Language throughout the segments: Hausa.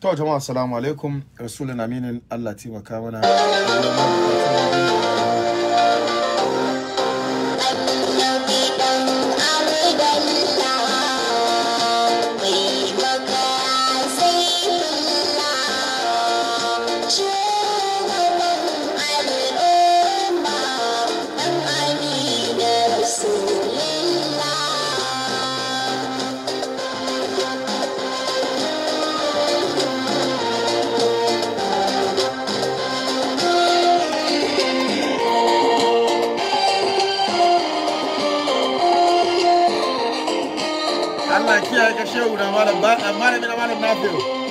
to jama'a assalamu alaikum rasulun aminin allah taimaka mana show. I might have been, I might have been,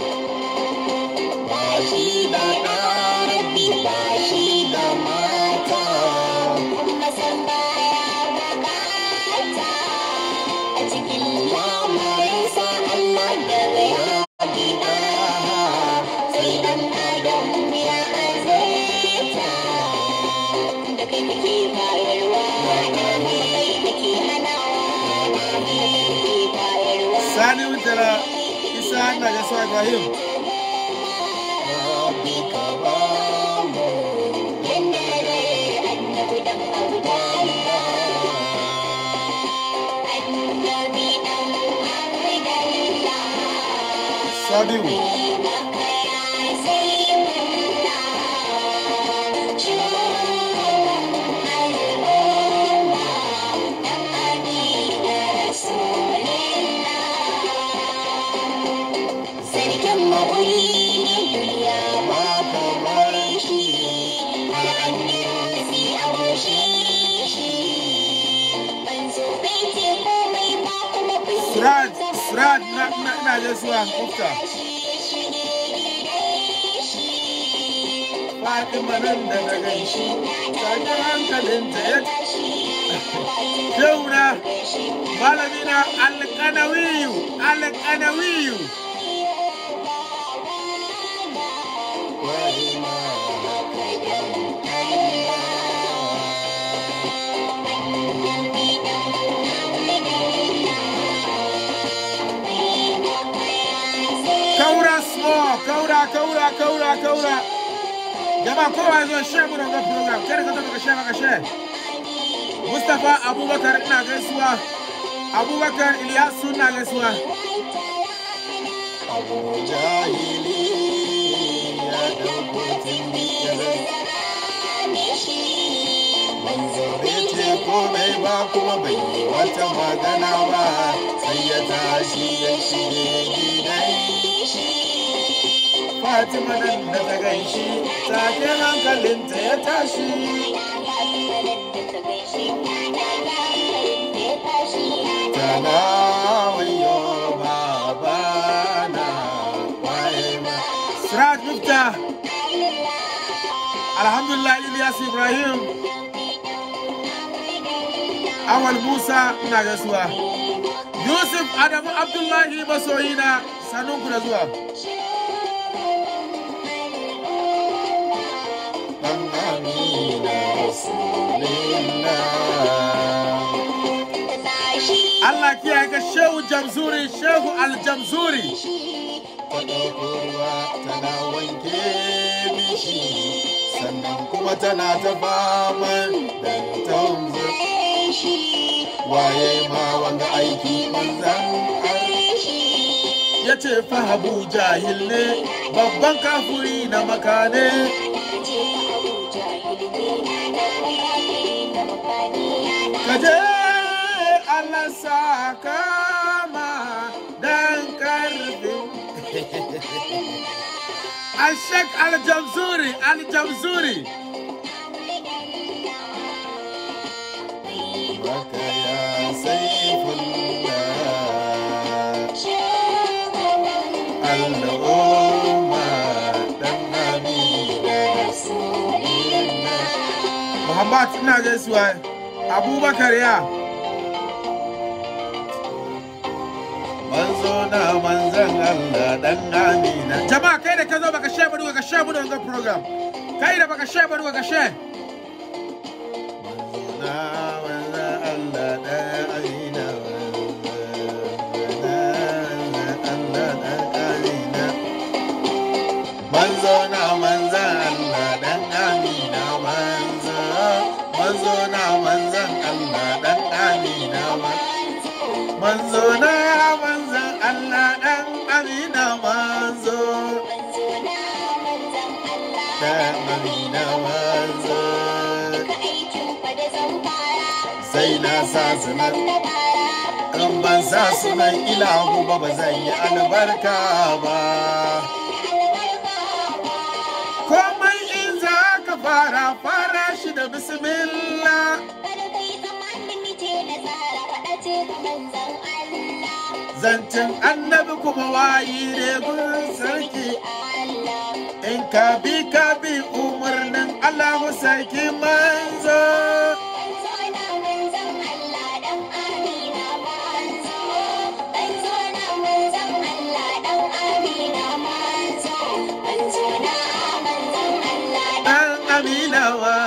Ibrahim. Sadiu. gaisuwa ofta Fatima nan da na ganshi hankalin hankalinta ya Yauna malamina alƙanawiyu alƙanawiyu ya kaura jama'a kowa zo share mu da wannan program kada ka taɓa ka share ka share mustafa Abubakar ina gaisuwa Abubakar Ilyasu ina gaisuwa Abu Jahili ya dauko bai ce komai ba kuma bai yi wata magana ba sai ya tashi ya shige gidan fatima nan da ta ganshi take hankalinta ya tashi alhamdulillah ilyas ibrahim awal musa ina gaisuwa yusuf adamu abdullahi masoyina sanunku da zuwa Allah kiya ga Shehu Jamzuri, Shehu Aljamzuri. Ta tana wanke mishi, sannan kuma tana ta faman dan taunzu. Waye ma wanga aiki manzan Ya ce fa Habu jahil ne, babban kafuri na makane. kaje Allah saka ma dan karfi Ashek Al-Jamzuri Al-Jamzuri Baka ya saifullah Muhammad ina gaisuwa abubakar ya manzo na manzan Allah dan amina jama'a kai da ka zo baka share ba duka ka share mu da wannan program kai da baka share ba duka ka share manzo na manzan Allah dan amina manzo da amina manzo sai na sa sunan in ban sa sunan ilahu ba ba zan yi albarka ba komai in za ka fara fara shi da bismillah zancen annabi kuma wayi da gurin sarki in ka bi ka bi umarnin allahu sarki manzo Amina, manzo. Manzo na manzo Allah dan Amina, manzo. Manzo na manzo Allah dan Amina, manzo. Manzo na manzo Allah. Amina, manzo.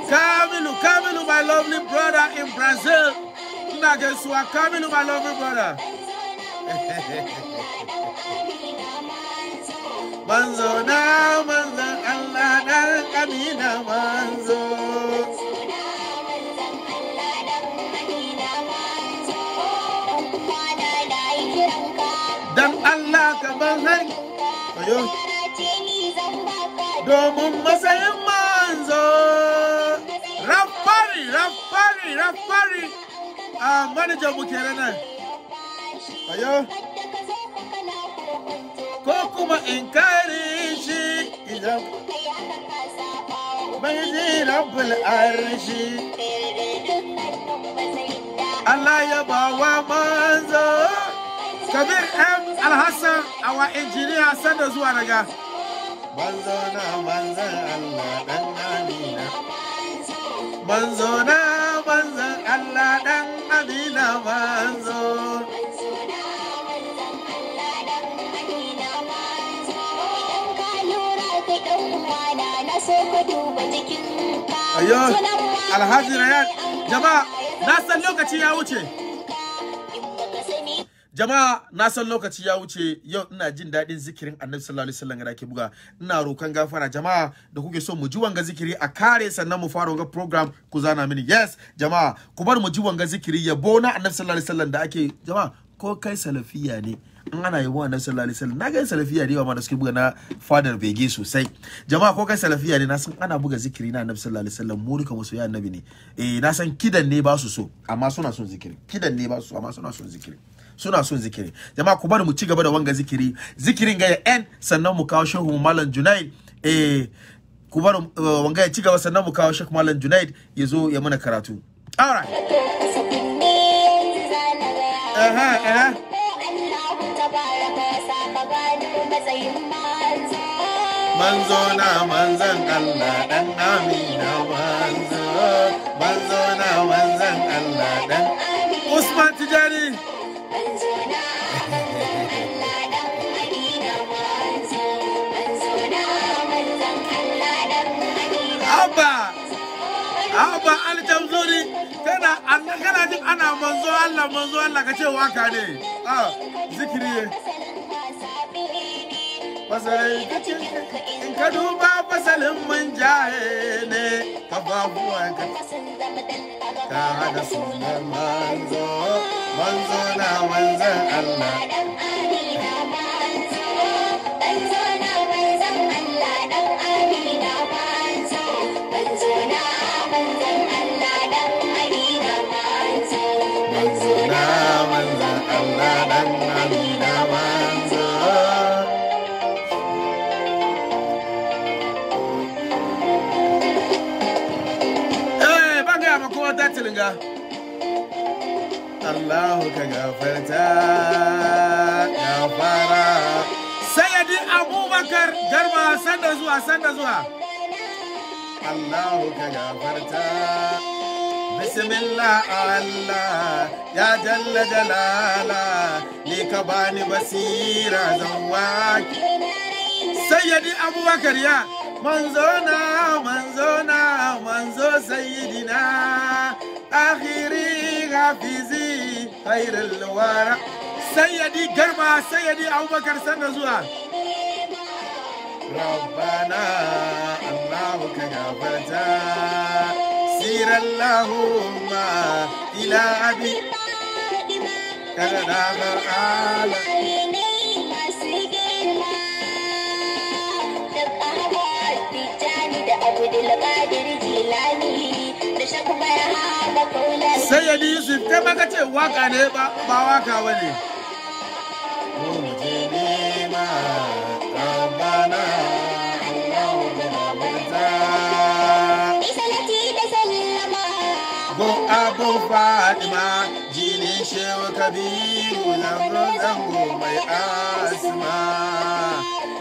Camilo, Camilo, my lovely brother in Brazil. Nagesua, Camilo, my lovely brother. manzo na, manzo, Allah na kamina manzo. Dan Allah ka ban har Domin matsayin manzo. rafari rafari rafari a ah, manager mu kenan nan ayo ko kuma in kare shi idan bai rabbul arshi Allah ya ba wa manzo Kabir M Alhassan awa injiniya sanda zuwa daga manzo na manzo Allah dan amina banzo na manzan Allah dan Madina banzo Ayo, Alhaji Rayat, jama'a, na san lokaci ya wuce. jama'a na san lokaci ya wuce yau ina jin daɗin zikirin annabi sallallahu alaihi wasallam da ke buga ina rokan gafara jama'a da kuke so mu ji wanga zikiri a kare sannan mu fara wanga program ku zana mini yes jama'a ku bar mu ji wanga zikiri ya bona annabi sallallahu alaihi wasallam da ake jama'a ko kai salafiya ne in ana yabo annabi sallallahu alaihi wasallam na ga salafiya ne ma da suke buga na fadar bege sosai jama'a ko kai salafiya ne na san ana buga zikiri na annabi sallallahu alaihi wasallam mu duka masoya annabi ne eh na san kidan ne ba su so amma suna son zikiri kidan ne ba su amma suna son zikiri suna son zikiri jama'a ku bari mu ci gaba da wanga zikiri zikirin ga ya en sannan mu kawo shehu malam junaid eh ku bari eh, wanga ya ci gaba sannan mu kawo shehu malam junaid ya zo ya mana karatu all right manzo na manzan Allah dan amina manzo manzo na manzan Allah dan Usman Tijani Abba Al-Jamzuri tana annan kana jin ana manzo Allah manzo Allah ka ce waka ne. Ah, zikiri fasali ka ka duba fasalin mun jaye ne ka ta hada sunan manzo manzo na manzan Allah Allah manzan Allah dan Allahu ka gafarta fara. Sayyadi abubakar garba sanda zuwa sanda zuwa Allahu ka gafarta bismillah Allah ya jalla jalala ni ka bani basira zan waki Sayyadi abubakar ya manzona manzona manzo sayidina, akiri ha fizi hayar da luwala. Zayyadi Garba, Zayyadi Abubakar, sanda zuwa. Raba na Allahu ka ya bata sirar la'umma fila biyu ta daɗa da abdul qadir jilani da shaku barha da kaula yusuf kai ba ce waka ne ba waka bane Go abu Fatima jini shewa kabiru na zango mai asma.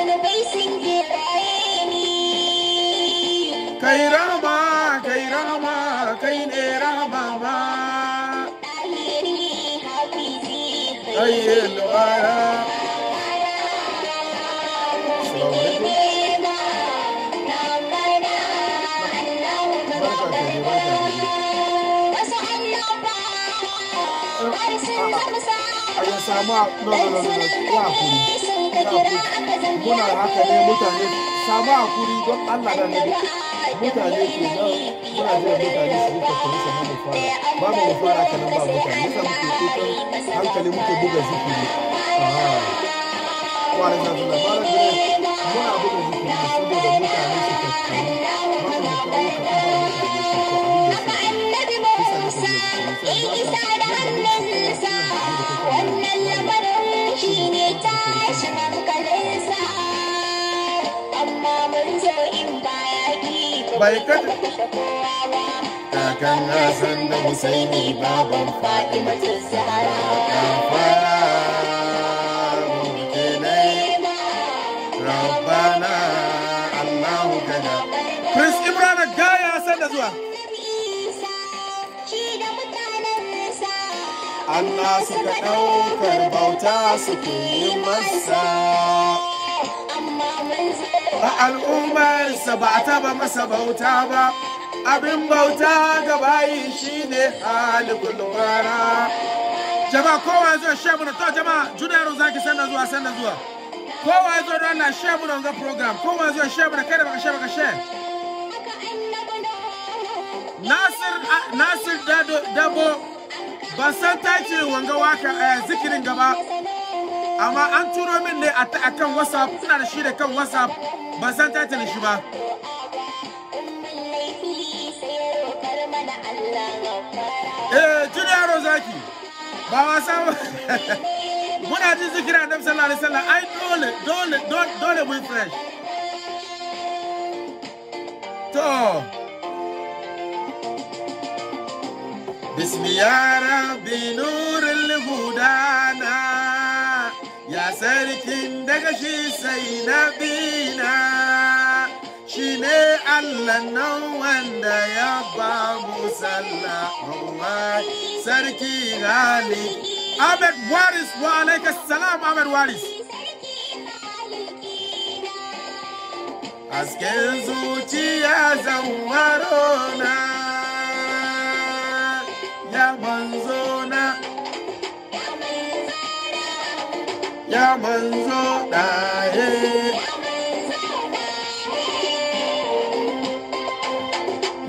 zunubai sun geraye ni kai rahama kai rahama kai ne rahama ba kai lubara I guess I'm up. No, no, no, no. Yeah, please. muna haka ne mutane samu hakuri don Allah da nabi mutane ke nan muna jiran mutane su yi kakuri sannan mu fara ba mu mu fara haka nan ba mutane yasa muke kukan hankali muke buga zikiri kwanan na zuwa ba da muna buga zikiri saboda mutane su kakuri ba mu kawo bai kada kakan hasan da husaini baban fatima ta zahara kan fara muke nai rabbana allahu kana prince imrana gaya san da zuwa Allah suka ɗaukar bauta suke yi masa ba al'ummarsa ba taba masa bauta ba abin bauta ga bayi shine halikul wara jama'a kowa zo shebu na to jama'a zaki sanda zuwa sanda zuwa kowa zo don na ga program kowa zo kada baka Nasir Nasir Dado Dabo ban san tace wanga waka eh, zikirin gaba amma an turo min ne a kan whatsapp ina da shi da kan whatsapp ban san title shi ba eh jini yaro zaki ba wasa muna ji zikira da sallallahu alaihi wasallam ai dole dole dole mu fresh to بسم يا ربي نور الهدى sarkin daga shi sai na bina shi ne allah nan wanda ya ba mu sallah sarki gani ahmed waris wa alaikas salam ahmed waris hasken zuciya zanwaro na ya banzo na ya manzo daye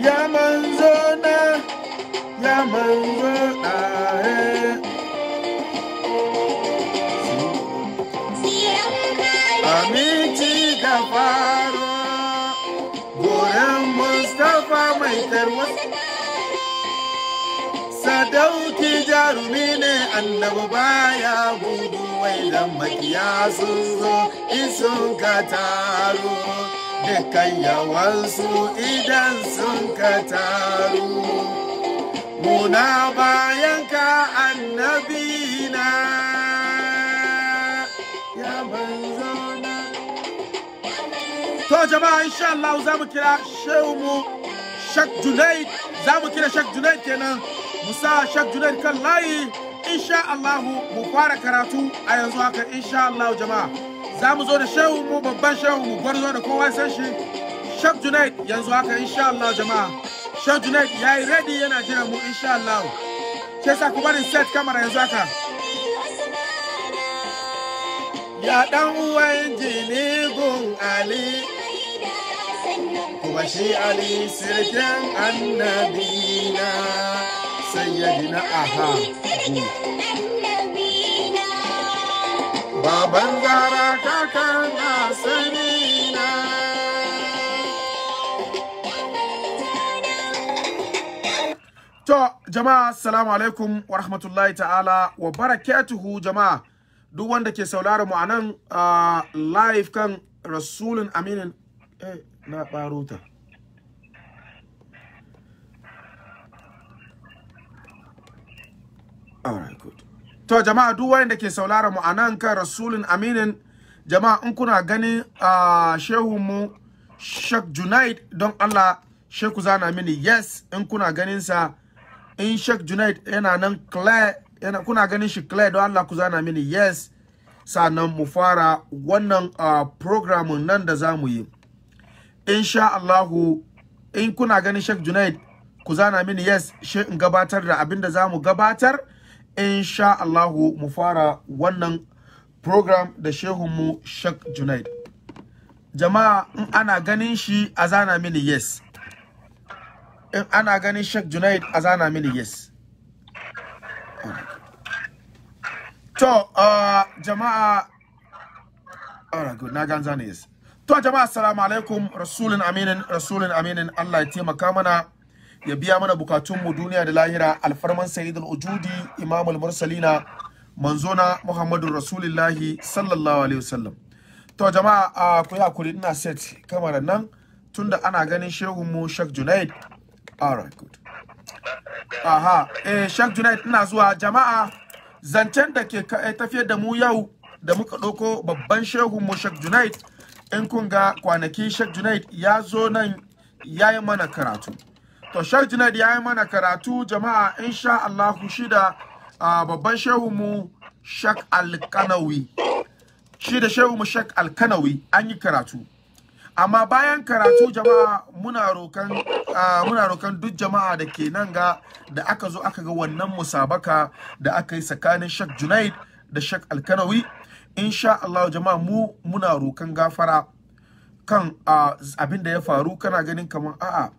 ya manzo na ya manzo da faro goren mustafa mai tarwata sadauki jarumi ne ba baya hudu wai dan makiya sun zo in sun ka taru dukkan yawansu idan sun ka taru muna bayan ka annabi na ya manzo na to jama'a insha Allah za mu kira shehu mu Shak Junaid za mu kira Shak Junaid kenan musa shak junaid kan layi insha allahu mu fara karatu a yanzu haka insha allahu jama'a za mu zo da shehu mu babban shehu mu gwarzo da kowa san shi shak junaid yanzu haka insha allahu jama'a shak junaid ya yi ready yana jiran mu insha allahu ke sa ku barin set kamar yanzu haka ya dan uwan jinigun ali kuma shi ali sirkin annabina sayyidina aha baban gara kaka na sanina to jama'a assalamu alaikum wa rahmatullahi ta'ala wa barakatuhu jama'a duk wanda ke saurara mu a nan ah, live kan rasulun aminin eh na baruta Alright, To jama'a duk wanda ke saurara mu anan kan Rasulun Aminin jama'a in kuna ganin uh, shehun mu Sheikh Junaid don Allah Sheikh zana mini yes in kuna ganin sa in Sheikh Junaid yana nan clear yana kuna ganin shi clear don Allah ku zana mini yes sannan mu fara wannan uh, program nan da zamu yi insha Allahu in kuna ganin Sheikh Junaid ku zana mini yes shi in gabatar da abin da zamu gabatar insha Allahu mu fara wannan program da shehunmu Sheikh Junaid jama'a in ana ganin shi a zana mini yes in ana ganin Sheikh Junaid a zana mini yes to uh, jama'a good na gan zana yes to jama'a assalamu alaikum rasulun aminin rasulun aminin Allah ya taimaka mana ya biya mana bukatunmu duniya da lahira alfarman sayyidul ujudi imamul mursalina manzona muhammadun rasulillahi sallallahu alaihi wasallam to jama'a ku yi hakuri ina set kamar nan tunda ana ganin shehun mu shak Junaid right good aha eh shak Junaid ina zuwa jama'a zancen da ke eh, tafiyar da mu yau da muka ɗauko babban shehun mu shak Junaid in kun ga kwanaki shak Junaid ya zo nan ya yi mana karatu to Sheikh Junaid ya yi mana karatu jama'a insha Allah shida a babban shehu mu Shak Alkanawi shi da shehu mu Shak Alkanawi an yi karatu amma bayan karatu jama'a muna rokan muna rokan duk jama'a da ke nan ga da aka zo aka ga wannan musabaka da aka yi tsakanin Shak Junaid da Shak Alkanawi insha Allah jama'a mu muna rokan gafara kan abin da ya faru kana ganin kamar a'a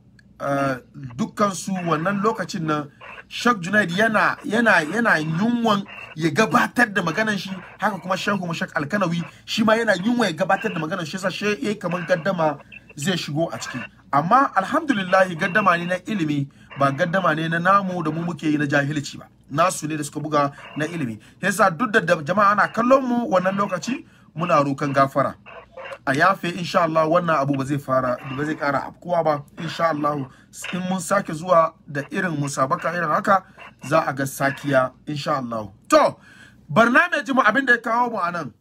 Eh, dukkansu wannan lokacin nan shak Junaid yana yana yana yunwan ya gabatar da maganar shi haka kuma Shehu Mashak Alkanawi shi ma yana yunwa ya gabatar da maganar shi sashe ya yi kamar gaddama zai shigo a ciki amma alhamdulillah gaddama ne na ilimi ba gaddama ne na namu da mu muke yi na jahilci ba nasu ne da suka buga na ilimi yasa duk da jama'a ana kallon mu wannan lokaci muna rokan gafara a yafe insha Allah wannan abu ba zai fara ba zai kara afkuwa ba insha Allah in mun sake zuwa da irin musabaka irin haka za a ga sakiya insha Allah to barnamijin mu abin da ya kawo mu anan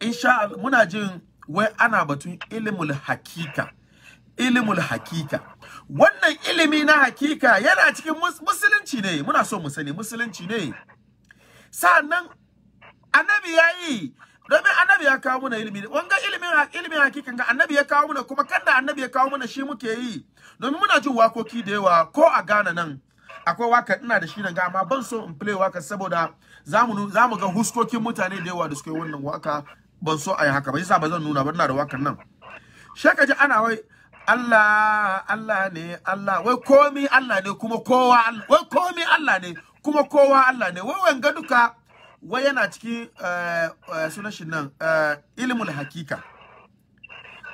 insha Allah muna jin wai ana batun ilimul hakika ilimul hakika wannan ilimi na hakika yana cikin musulunci ne muna so mu sani musulunci ne sannan annabi yayi domin annabi ya kawo mana ilimi wanga ilimin ilimin hakikan ga annabi ya kawo mana kuma kanda annabi ya kawo mana shi muke yi domin muna jin wakoki da yawa ko a gana nan akwai waka ina da shi nan ga amma ban so in play waka saboda zamu zamu ga huskokin mutane da yawa da suke wannan waka ban so a yi haka ba yasa ba zan nuna ba ina da wakan nan shaka ji ana wai Allah Allah ne Allah wai komi Allah ne kuma kowa wai komi Allah ne kuma kowa Allah ne wai wanga duka wai yana cikin eh, eh, sunan shi nan eh, ilmul hakika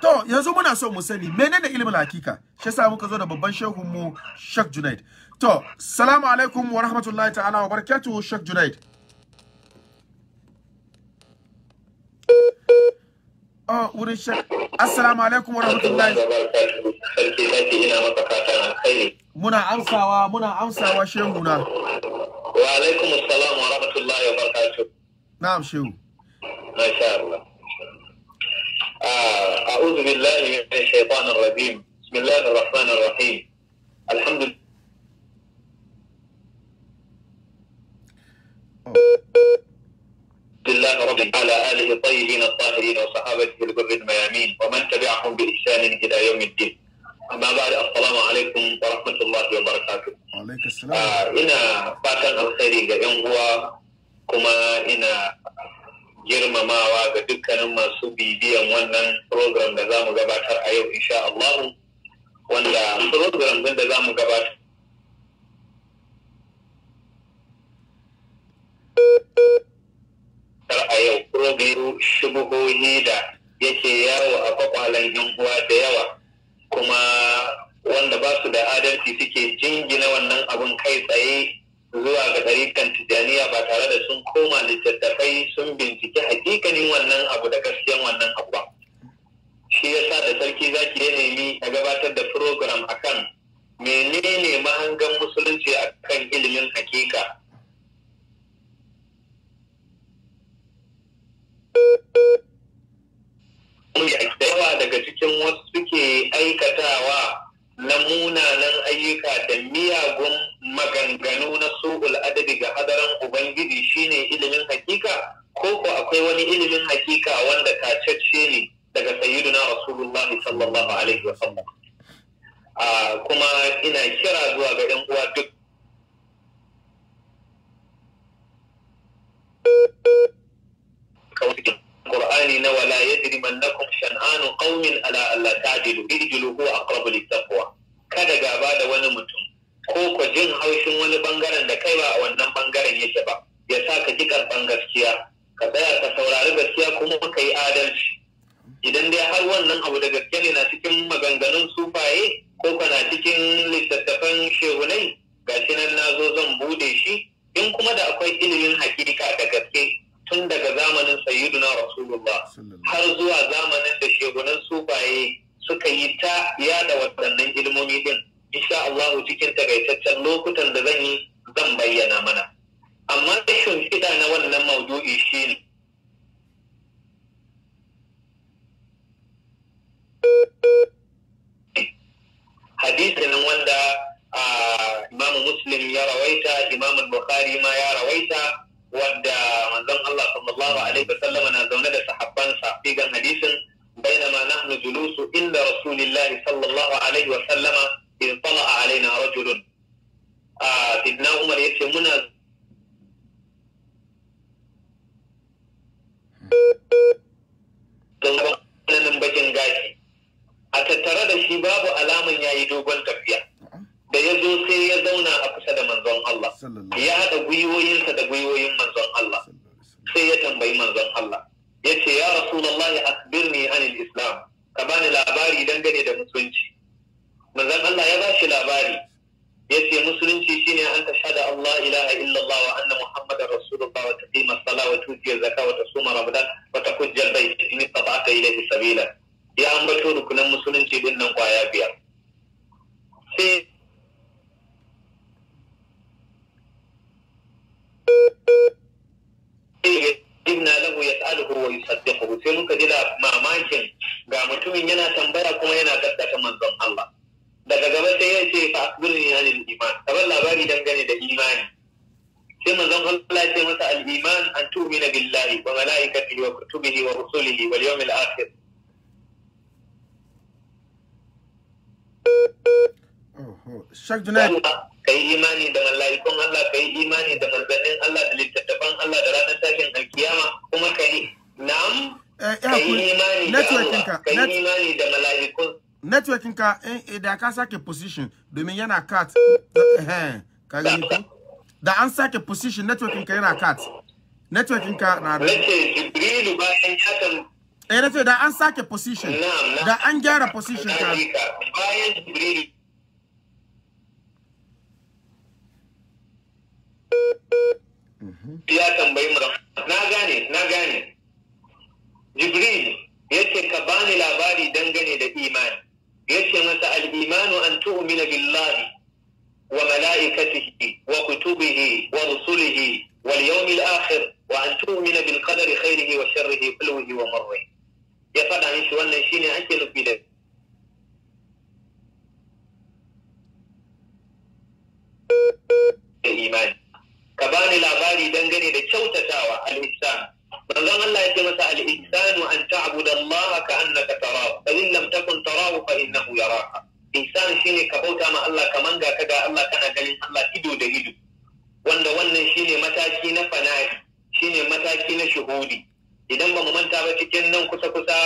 to yanzu muna so mu sani menene ilmul hakika shi yasa muka zo da babban shehun mu Sheikh Junaid to salamu alaikum wa rahmatullahi ta'ala wa barakatuh Sheikh Junaid Oh, wurin Sheikh Assalamu alaikum wa rahmatullahi. Sarki zaki ina maka fatan alkhairi. muna amsawa muna amsawa shehu na wa alaikum assalam wa rahmatullahi wa barakatuh na'am shehu masha Allah ah a'udhu billahi minash shaitanir rajim bismillahir rahmanir rahim alhamdulillah لله رب على آله الطيبين الطاهرين وصحابته البر الميامين ومن تبعهم بإحسان إلى يوم الدين amma ba da assalamu alaikum wa rahmatullahi wa ah, ina fatan alkhairi ga yan uwa kuma ina girmamawa ga dukkanin masu bibiyan wannan program da za mu gabatar a yau insha Allah wanda program din da za mu gabatar a yau program shubuhohi da yake yawo a kwakwalen yan da yawa kuma wanda ba su da adalci suke jingina wannan abun kai tsaye zuwa ga ɗarikan Tijaniya ba tare da sun koma littattafai sun binciki hakikanin wannan abu da gaskiyan wannan abu ba shi sa da sarki zaki ya nemi a gabatar da program kan menene mahangan musulunci a kan ilimin hakika da yawa daga cikin wasu suke aikatawa na munanan ayyuka da miyagun maganganu na su'ul adadi ga hadarin ubangiji shine ilimin hakika ko ko akwai wani ilimin hakika wanda kacacce ne daga sayyiduna rasulullahi sallallahu alaihi wa sallam kuma ina kira zuwa ga yan uwa duk kawai Qur'ani na wala yajriman lakum shan'anu qaumin ala alla ta'dilu ijlu huwa aqrabu littaqwa kada gaba da wani mutum ko ku jin haushin wani bangaren da kai ba a wannan bangaren yake ba ya sa ka ji karban gaskiya ka tsaya ka saurari gaskiya kuma ka yi adalci idan dai har wannan abu da gaske ne na cikin maganganun sufaye ko kana cikin littattafan shehunai gashi nan na zo zan bude shi in kuma da akwai ilimin hakika da gaske tun daga zamanin sayyiduna rasulullah har zuwa zamanin da shegunan sufaye suka yi ta yada waɗannan ilmomi din insha Allah cikin takaitaccen lokutan da zan yi zan bayyana mana amma rashin kida na wannan maudu'i shi ne hadisin wanda ah, imamu Musulmi ya rawaita imamu bukhari ma ya rawaita Wanda manzon Allah sallallahu alaihi wasallam na zaune da sahabbansa figan hadisin ma nahnu julusu inda rasulillahi sallallahu alaihi wasallama in tala alaina rajul a sidna Umar yace muna don bakin gashi a tattare da shi babu alaman yayi dogon tafiya da ya zo sai ya zauna a kusa da manzon Allah ya haɗa gwiwoyinsa da gwiwoyin manzon Allah sai ya tambayi manzon Allah ya ce ya rasulullah akbirni anil islam ka bani labari dangane da musulunci manzon Allah ya ba shi labari ya ce musulunci shine an da Allah ilaha illallah wa anna muhammadar rasulullah wa taqima sala wa tuti zaka wa suma ramadan wa tahujja al-bayt in istata'ta ilayhi sabila ya ambato rukunan musulunci din nan kwaya biyar sai inna lahu yas'aluhu wa yusaddiquhu sai muka ji da mamakin ga mutumin yana tambaya kuma yana gaddaka manzon Allah daga gaba sai ya ce fa akhbirni anil iman kamar labari dangane da imani sai manzon Allah ya ce masa al iman an tu'mina billahi wa malaikatihi wa kutubihi wa rusulihi wal yawmil akhir Shak Junaid. Ka yi imani da mala'ikun Allah, ka yi imani da manzannin Allah da littattafan Allah da ranar tashin alkiyama kuma ka yi na'am. Eh, ka yi imani da ka yi imani da Networking ka eh, eh, da aka sake position domin yana cut. Ka gani ko? Da an sake position networking ka yana cut. Networking ka na da. Jibrilu bayan hakan Eh na ce da an sake position. Da an gyara position ka. Bayan Jibrilu ya tambayi mura na gane na gane jibril yace ka bani labari dangane da imani yace masa al-imanu an tu'mina billahi wa mala'ikatihi wa kutubihi wa rusulihi wal yawmil akhir wa an tu'mina bil qadari khairihi wa sharrihi kullihi wa marrihi ya faɗa mishi wannan shine ake nufi da imani ka bani labari dangane da kyautatawa al-ihsan manzon Allah ya ce masa al-ihsanu an ta'budu Allah ka annaka tarahu fa in lam takun tarahu fa innahu yaraka ihsan shine ka bauta ma Allah kaman ga kaga Allah kana ganin Allah ido da ido wanda wannan shine mataki na fana'i shine mataki na shuhudi idan ba mu manta ba cikin nan kusa kusa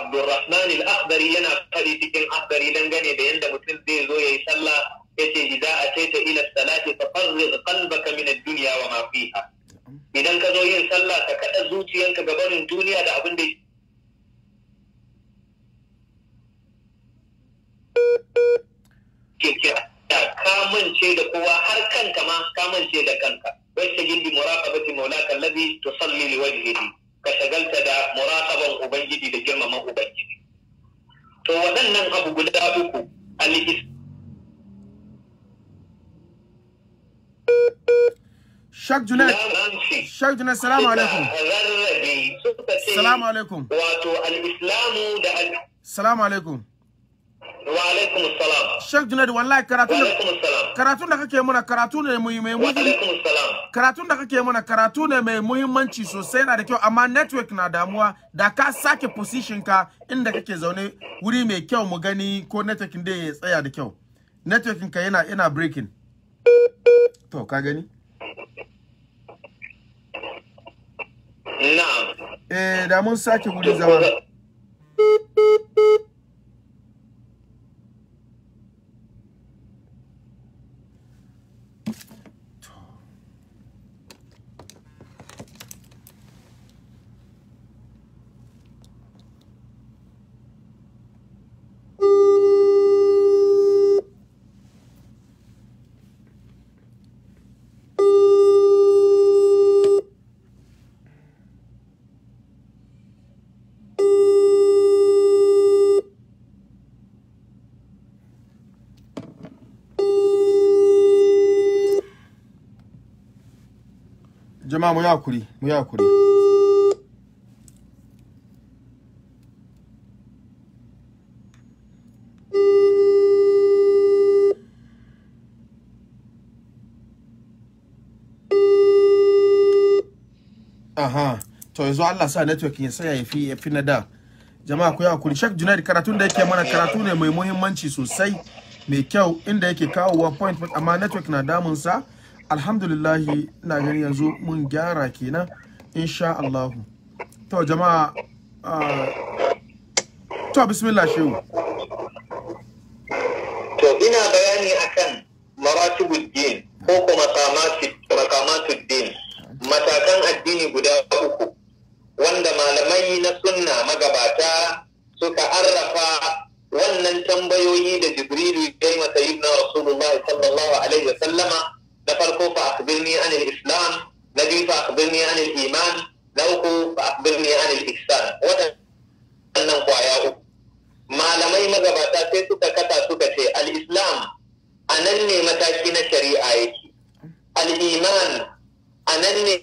Abdulrahman al-Akhdari yana faɗi cikin Akhdari dangane da yanda mutum zai zo yayi sallah yace idza ataita ila salati fafarriq qalbaka min ad-dunya wa ma fiha idan ka zo yin sallah ka kada zuciyanka ga barin duniya da abin da ke ka kamance da kowa har kanka ma kamance da kanka wacce gindi muraqabati maulaka allazi tusalli liwajhihi ka shagalta da muraqaban ubangiji da girmama ubangiji to waɗannan abu guda uku al sheikh junet sheikh junet salamu alaikum. Salamu alaikum. Wato al-Islamu da al Salamu alaikum. Wa alaikum salam. Shak Junaid, wallahi karatun da karatun da kake muna karatu ne mai mai muhimmanci. Karatun da kake muna karatu ne mai muhimmanci sosai na da kyau amma network na damuwa da ka sake position ka inda kake zaune wuri mai kyau mu gani ko network din ya tsaya da kyau. Network ka yana ina breaking. to ka gani na eh da mun sake gudun zama jama'a mu yi mu yi aha to yanzu Allah sa network ya saya yafi yafi na da jama'a ku yi hakuri Sheikh Junaid karatun da yake mana karatu ne mai muhimmanci sosai mai kyau inda yake kawo kawowa point amma network na damun sa alhamdulillahi na gani yanzu mun gyara kenan insha Allahu to jama'a to bismillah shehu to ina bayani akan maratibul din ko kuma makamatul din matakan addini guda uku wanda malamai na sunna magabata suka arrafa wannan tambayoyi da jibrilu ya yi masa yibna rasulullahi sallallahu alaihi wasallama na farko fa akhbirni anil islam na biyu fa akhbirni anil iman na uku fa akhbirni anil ihsan wannan kwaya uku malamai magabata sai suka kata suka ce al-islam a nan ne mataki na shari'a yake al-iman a nan ne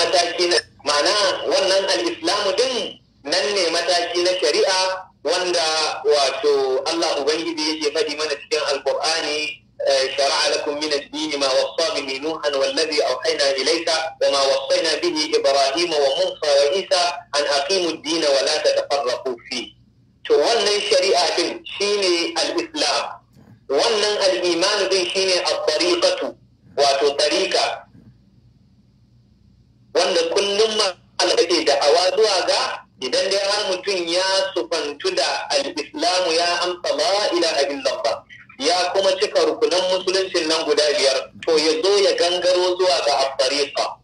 mataki na ma'ana wannan al-islamu din nan ne mataki na shari'a wanda wato Allah Ubangiji yake faɗi mana cikin Alƙur'ani شرع لكم من الدين ما وصى به نوحا والذي اوحينا اليك وما وصينا به ابراهيم وموسى وعيسى ان اقيموا الدين ولا تتفرقوا فيه to wannan shari'a din shine al wannan al-iman din shine at-tariqatu wato wanda kullum ma Allah da awa zuwa ga idan dai har mutum ya sufantu da al'islamu ya amsa la abin illallah ya kuma cika rukunan musuluncin nan guda biyar to ya zo ya gangaro zuwa ga afariqa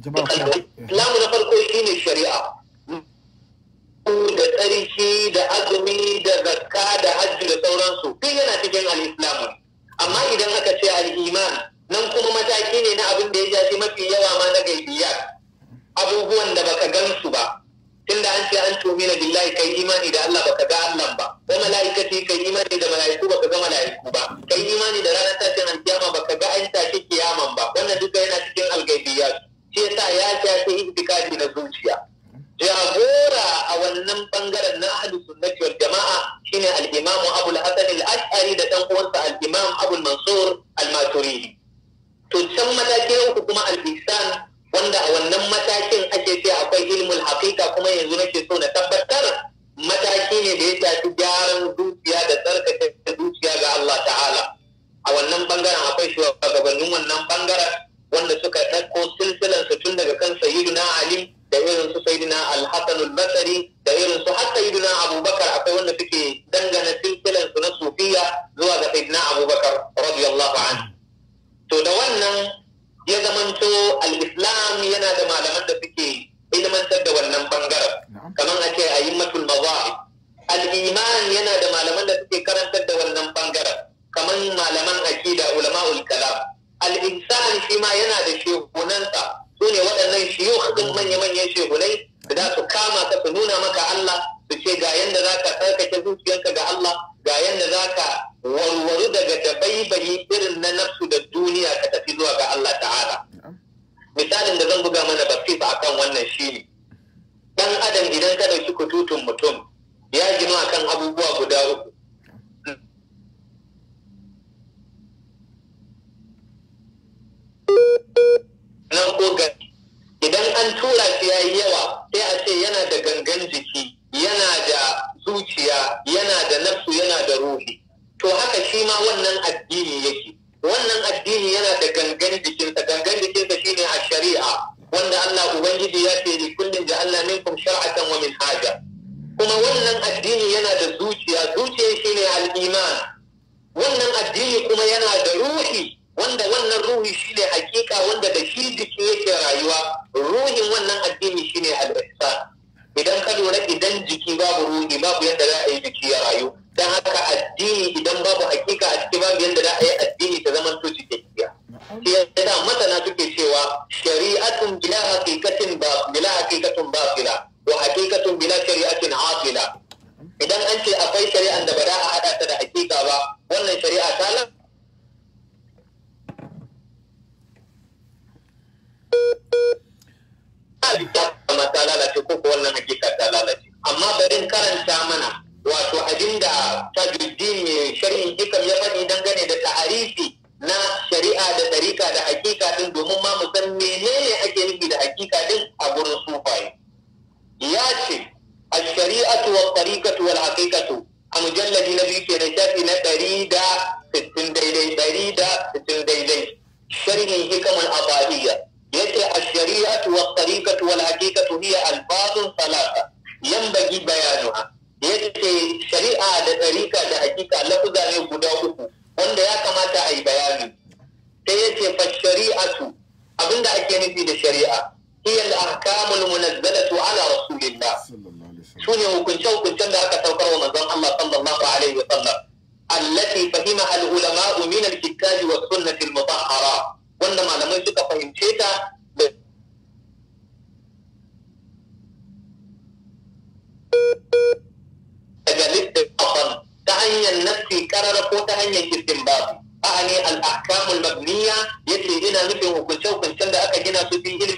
Islamu na farko shi ne shari'a. Da tsarki, da azumi, da zakka, da hajji da sauransu, duk yana cikin al'islamu. Amma idan aka ce al'iman, nan kuma mataki ne na abin da ya shafi mafi yawa ma na gaibiya. Abubuwan da baka gansu ba. Tunda an ce an na billahi kai imani da Allah baka ga Allah ba. ko mala'ikati kai imani da mala'iku baka ga mala'iku ba. Kai imani da ranar tashin alkiyama baka ga an tashi kiyaman ba. Wannan duka yana cikin algaibiyatu. shi yasa ya shafi itikadi na zuciya jagora a wannan bangaren na ahli na cewar jama'a shine al-imamu abul hasan al-ash'ari da dan uwansa al-imam abul mansur al-maturidi to can mataki uku kuma al-ihsan wanda a wannan matakin ake ce akwai ilmul haqiqa kuma yanzu nake so na tabbatar mataki ne da ya shafi gyaran zuciya da tsarkake zuciya ga Allah ta'ala a wannan bangaren akwai shugabannin wannan bangaren wanda suka ɗauko silsilar su tun daga kan sayyidina ali da irin su sayyidina al-hasan al-basri da irin su har sayyidina abubakar akwai wanda suke dangana silsilar su na sufiya zuwa ga sayyidina abubakar radiyallahu anhu to da wannan ya zamanto al-islam yana da malaman da suke ilmantar da wannan bangaren kamar a ce ayyimatul mazahib al-iman yana da malaman da suke karantar da wannan bangaren kamar malaman akida ulama'ul kalam al shi ma yana da shekunansa, su ne waɗannan yau haɗin manya-manyan shekunai da za su kama ka su nuna maka Allah su ce ga yadda za ka tsarkake zuciyarka ga Allah ga yadda za ka warwaru daga tabaibayi irin na nafsu da duniya ka tafi zuwa ga Allah ta'ala misalin da zan buga mana basisa akan wannan shi ne dan adam idan ka ɗauki kututun mutum ya ginu akan abubuwa guda uku idan an tura shi ya yi yawa sai a ce yana da gangan jiki yana da zuciya yana da nafsu yana da ruhi to haka shi ma wannan addini yake wannan addini yana da gangan jikinsa gangan jikinsa shine a shari'a wanda Allah ubangiji ya ce da Allah ja'alna minkum shar'atan wa haja." kuma wannan addini yana da zuciya zuciya shine al-iman wannan addini kuma yana da ruhi wanda wannan ruhi shine hakika wanda da shi jiki yake rayuwa ruhin wannan addini shine al-ihsan idan ka lura idan jiki babu ruhi babu yadda za a yi jiki ya rayu dan haka addini idan babu hakika a ciki babu yadda za a yi addini ta zaman to cikakkiya sai da masana suke cewa shari'atun bila hakikatin ba bila hakikatun ba bila wa hakikatun bila shari'atin hafila idan an ce akwai shari'ar da ba za a hada ta da hakika ba wannan shari'a ta lafiya amma ta lalace ko wannan ta lalace amma barin karanta mana wato abinda tajuddin ne sharhin ya faɗi dangane na shari'a da ɗarika da hakika din domin ma mu menene ake nufi da hakika din a gurin sufaye ya ce الشريعة والطريقة والحقيقة المجلد نبي كنا شافنا دريدة ستين ديدي دريدة ستين ديدي شرح yace ash-shari'atu wa tariqatu wal haqiqatu hiya alfazun salasa yanbaghi bayanuha yace shari'a da tariqa da haqiqa lafza ne guda uku wanda ya kamata a yi bayani sai yace fa shari'atu abinda ake nufi da shari'a hiya al-ahkamul munazzalatu ala rasulillah su ne hukunce-hukuncen da aka saukar wa manzon Allah sallallahu alaihi wa sallam allati fahimaha al-ulama'u min al-kitabi wa sunnati al-mutahhara wanda malamai suka fahimce ta daga daga kafan ta hanyar nafi karara ko ta hanyar istinbabi a ne ahkamul mabniya yace ina nufin hukunce-hukuncen da aka gina su fi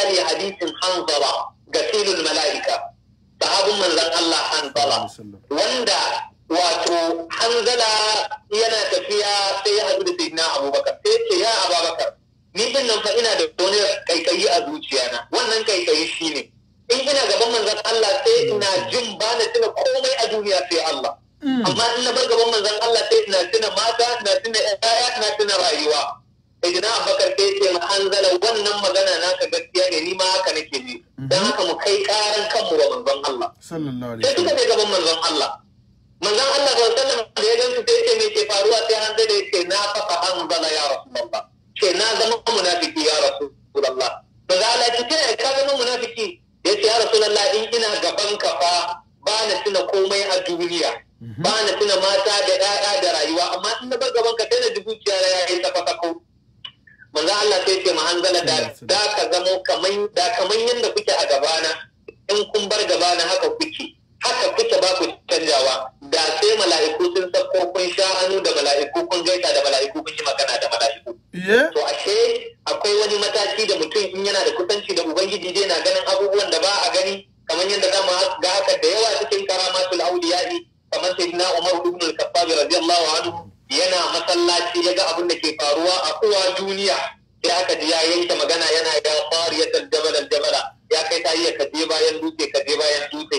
misali hadisin hanzara ga filin mala'ika sahabin manzan Allah hanzara wanda wato hanzala yana tafiya sai ya haɗu da sayyidina abubakar sai ce ya abubakar ni din nan fa ina da wani kaikayi a zuciyana wannan kaikayi shine in ina gaban manzan Allah sai ina jin ba na tuna komai a duniya sai Allah mm. amma in na bar gaban manzan Allah sai ina tuna mata na tuna ƴaƴa na tuna rayuwa sayyidina abubakar sai ce ma hanzala wannan magana naka gaskiya ne ni ma haka nake ji mhm. dan haka mu kai karan kanmu wa manzon Allah sallallahu alaihi wasallam sai suka gaban manzon Allah manzon Allah ga alaihi wasallam da ya gansu sai ce me ke faruwa sai hanzala ya ce na fafa hanzala ya rasulullah ce na zama munafiki ya rasulullah manzon Allah ya ce ka zama munafiki ya ce ya rasulullah in ina gaban ka fa ba na tuna komai a duniya mhm. ba na tuna mata da ɗaya da rayuwa amma in na bar gaban ka sai na ji zuciya ya yi sako ko manzo Allah sai ce mahanzala da da ka zamo kamar da kamar yanda kuke a gabana in kun bar gabana haka kuke haka kuke ba ku canjawa da sai mala'iku sun sako kun sha hannu da mala'iku kun gaita da mala'iku kun yi magana da mala'iku to ashe akwai wani mataki da mutum in yana da kusanci da ubangiji zai na ganin abubuwan da ba a gani kamar yadda za mu ga haka da yawa cikin karamatul auliya'i kamar sayyidina Umar ibn al-Khattab radiyallahu anhu yana masallaci ya ga abin da ke faruwa a uwa duniya sai aka ji ya yanke magana yana ya fari ya taljabala jamala ya kai ta iya kaje bayan dutse kaje bayan dutse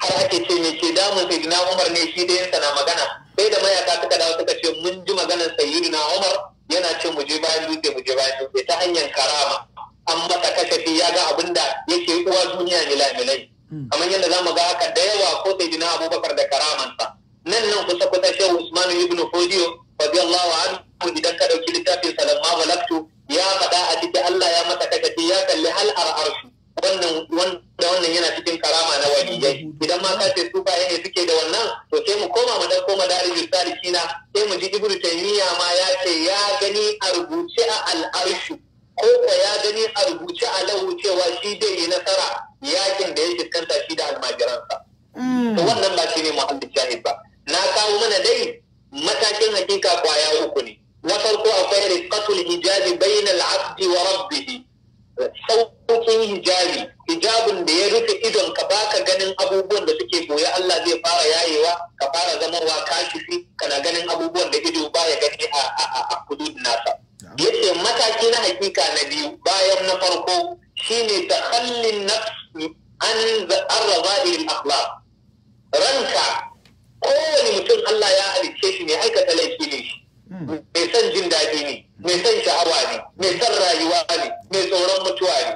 har ake ce me ke damun sai na umar ne shi da yansa na magana sai da mayaka suka dawo suka ce mun ji maganar sayyidina umar yana ce mu je bayan dutse mu je bayan dutse ta hanyar karama an masa kashafi ya ga abin da yake uwa duniya milamilai hmm. kamar yadda za mu ga haka da yawa ko sai dina abubakar da karamansa nan nan kusa kusa shehu usman ibn fodiyo radiyallahu anhu idan ka dauki littafin da balaktu ya faɗa a cikin Allah ya mata kakace ya kalli hal ar'arsu wannan wanda wannan yana cikin karama na waliyai idan ma ka ce su ba ne suke da wannan to sai mu koma mu dauko madarijus salikina sai mu ji ibnu taymiya ma ya ce ya gani a rubuce a al'arshu ko ko ya gani a rubuce a lahu cewa shi dai yi nasara yakin da ya fuskanta shi da almajiransa mm. to wannan ba shi ne muhammad shahid ba na kawo mana dai matakin hakika kwaya uku ne na farko akwai rikatul hijabi bainal al'abdi wa rabbihi saukin hijabi hijabin da ya rufe idon ka ba ka ganin abubuwan da suke goya Allah zai fara yayewa ka fara zamowa kashifi kana ganin abubuwan da ido baya gani a hudud nasa yace mataki na hakika na biyu bayan na farko shine takhallin nafs an da raza'il akhlaq ranka kowane mutum Allah ya halicce shi mai aikata laifi ne shi hmm. mai son jin daɗi ne mai son sha'awa ne mai son rayuwa ne mai tsoron mutuwa ne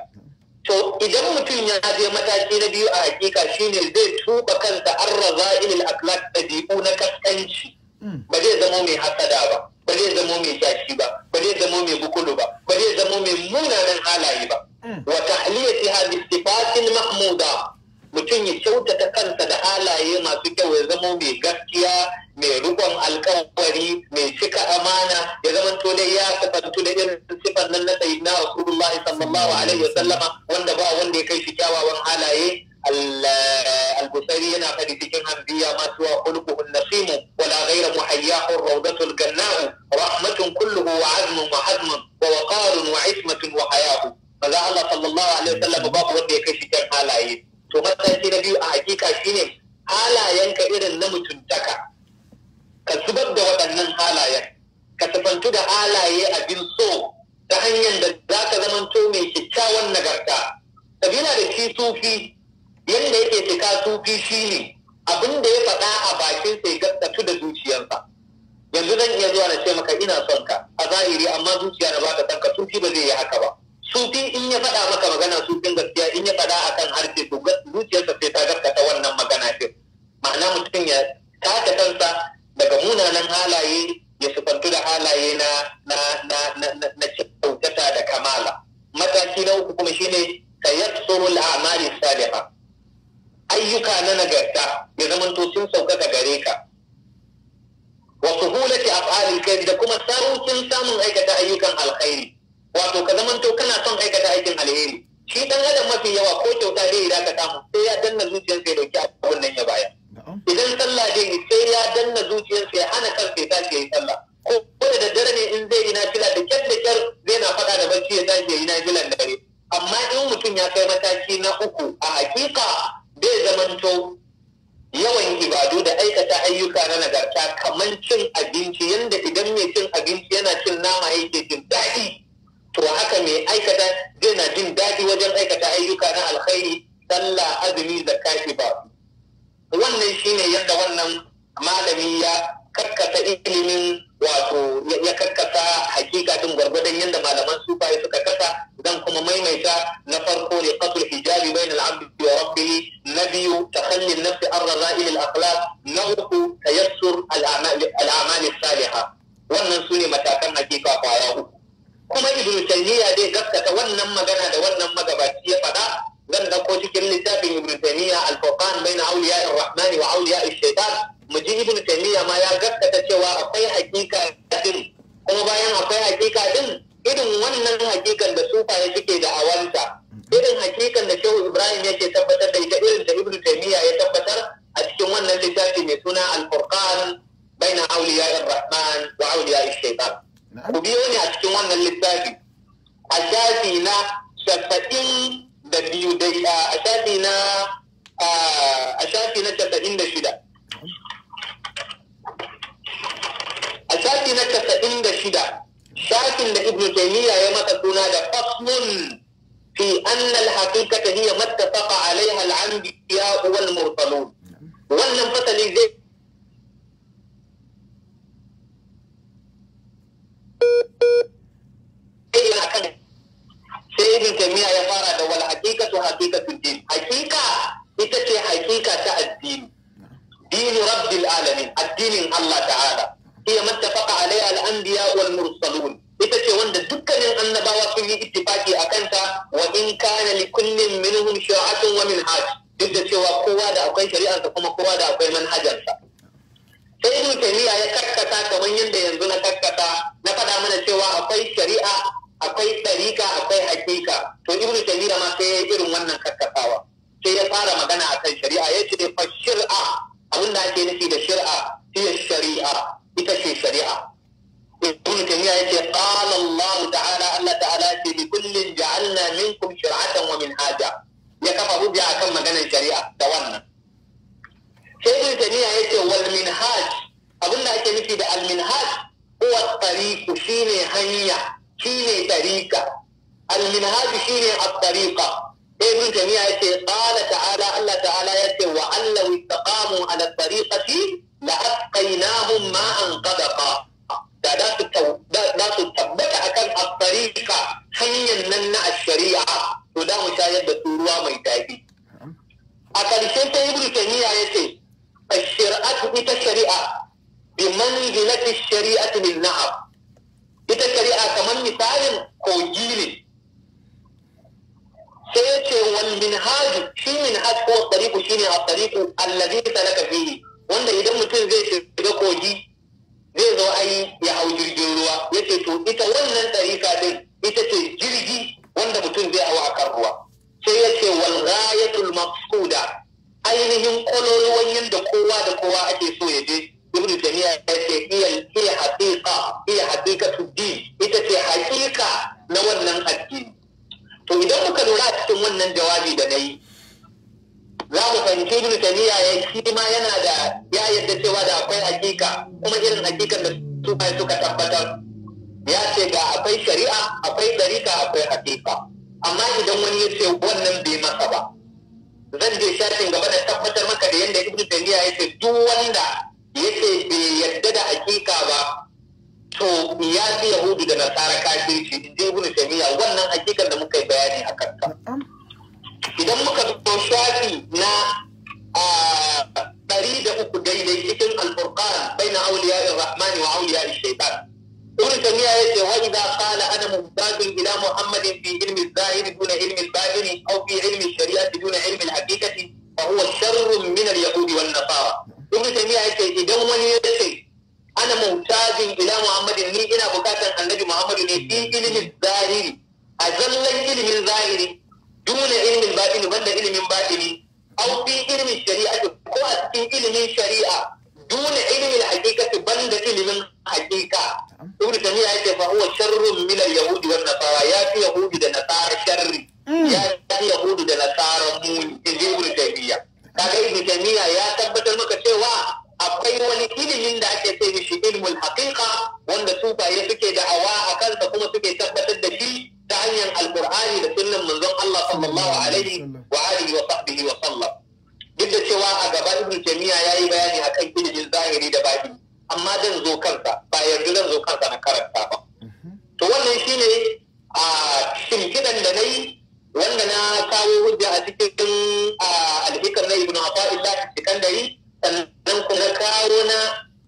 to idan mutum ya je mataki na biyu a hakika shine zai tuba kansa an raza ilil akhlaq ɗabi'u na kaskanci hmm. ba zai zama mai hasada ba ba zai zama mai shashi ba ba zai zama mai bukulu ba ba zai zama mai munanan halaye ba hmm. wa tahliyati hadhihi sifatil mahmuda mutum ya kyautata kansa da halaye masu kyau ya zama mai gaskiya mai rikon alkawari mai cika amana ya zama to dai ya sifantu da irin sifan nan na sayyidina rasulullah sallallahu alaihi wasallama wanda ba wanda ya kai shi kyawawan halaye al-busari yana fadi cikin anbiya ma tuwa khulquhun nasimu wala ghayra muhayyahu rawdatu al ganna'u rahmatun kulluhu wa azmun wa hazmun wa waqarun wa ismatun wa hayahu maza Allah sallallahu alaihi wasallama babu wanda ya kai shi kyan halaye to mataki na biyu a hakika shine halayenka irin na mutuntaka ka zubar da waɗannan halayen ka tafantu da halaye abin so ta hanyar da za ka zamanto mai kyakkyawan nagarta kabila da shi sufi yadda yake cika sufi shine abin da ya faɗa a bakin sai gaskatu da zuciyarsa yanzu zan iya zuwa na ce maka ina son ka a zahiri amma zuciya na ka son ka sufi ba zai yi haka ba sufi in ya faɗa maka magana su da ainihin kololuwan yadda kowa da kowa ake so ya je ibn jami'a ya ce iya iya haƙiƙa su haqiqatu ita ce haƙiƙa na wannan addini to idan muka lura a cikin wannan jawabi da na yi za mu fahimci ibn taymiya ya shi ma yana da ya yadda cewa da akwai haƙiƙa, kuma irin haqiqan da su suka tabbatar ya ce ga akwai shari'a akwai ɗarika akwai haƙiƙa, amma idan wani ya ce wannan bai masa ba zan je shafin gaba da tabbatar maka da yadda ibnu taymiya yake duk wanda yake bai yarda da hakika ba to ya fi yahudu da nasara kafirci in je ibnu taymiya wannan hakikan da muka yi bayani a kansa idan muka zo shafi na ɗari da uku daidai cikin alfurqan bai awliya ar-rahman wa awliya shaytan ibn tamiya yace wa idza qala ana mubadin ila muhammadin fi ilmi zahir duna ilmi al-batin aw fi ilmi shari'ati duna ilmi al-haqiqati fa huwa sharrun min al-yahudi wan nasara ibn tamiya idan wani yace ana mutajin ila muhammadin ni ina bukatan annabi muhammadu ne fi ilmi zahiri a zallan ilmin zahiri duna ilmin batini banda ilmin batini aw fi ilmi shari'ati ko a ilmin shari'a duna ilmin haqiqati banda ilmin hakika ibn tahiya yake fa huwa sharrun min al-yahud wa nasara ya fi yahudi da nasara sharri mm. ya fi yahudi da nasara muni ibn tahiya kaga ibn tahiya ya tabbatar maka cewa akwai wani ilimin da ake ce mishi ilmul haqiqa wanda sufaye suke da hawa a kansa kuma suke tabbatar da shi ta hanyar alqur'ani da sunnan manzon Allah sallallahu alaihi wa alihi wa sahbihi wa sallam duk da cewa a gaba ibn tahiya yayi bayani akan ilimin zahiri da batini amma zan zo kansa ba yanzu zan zo kansa na karanta ba mhm. to wannan shi ne a shimfiɗan da na yi wanda na kawo hujja a cikin alhikar na ibnu da yi. sannan kuma kawo na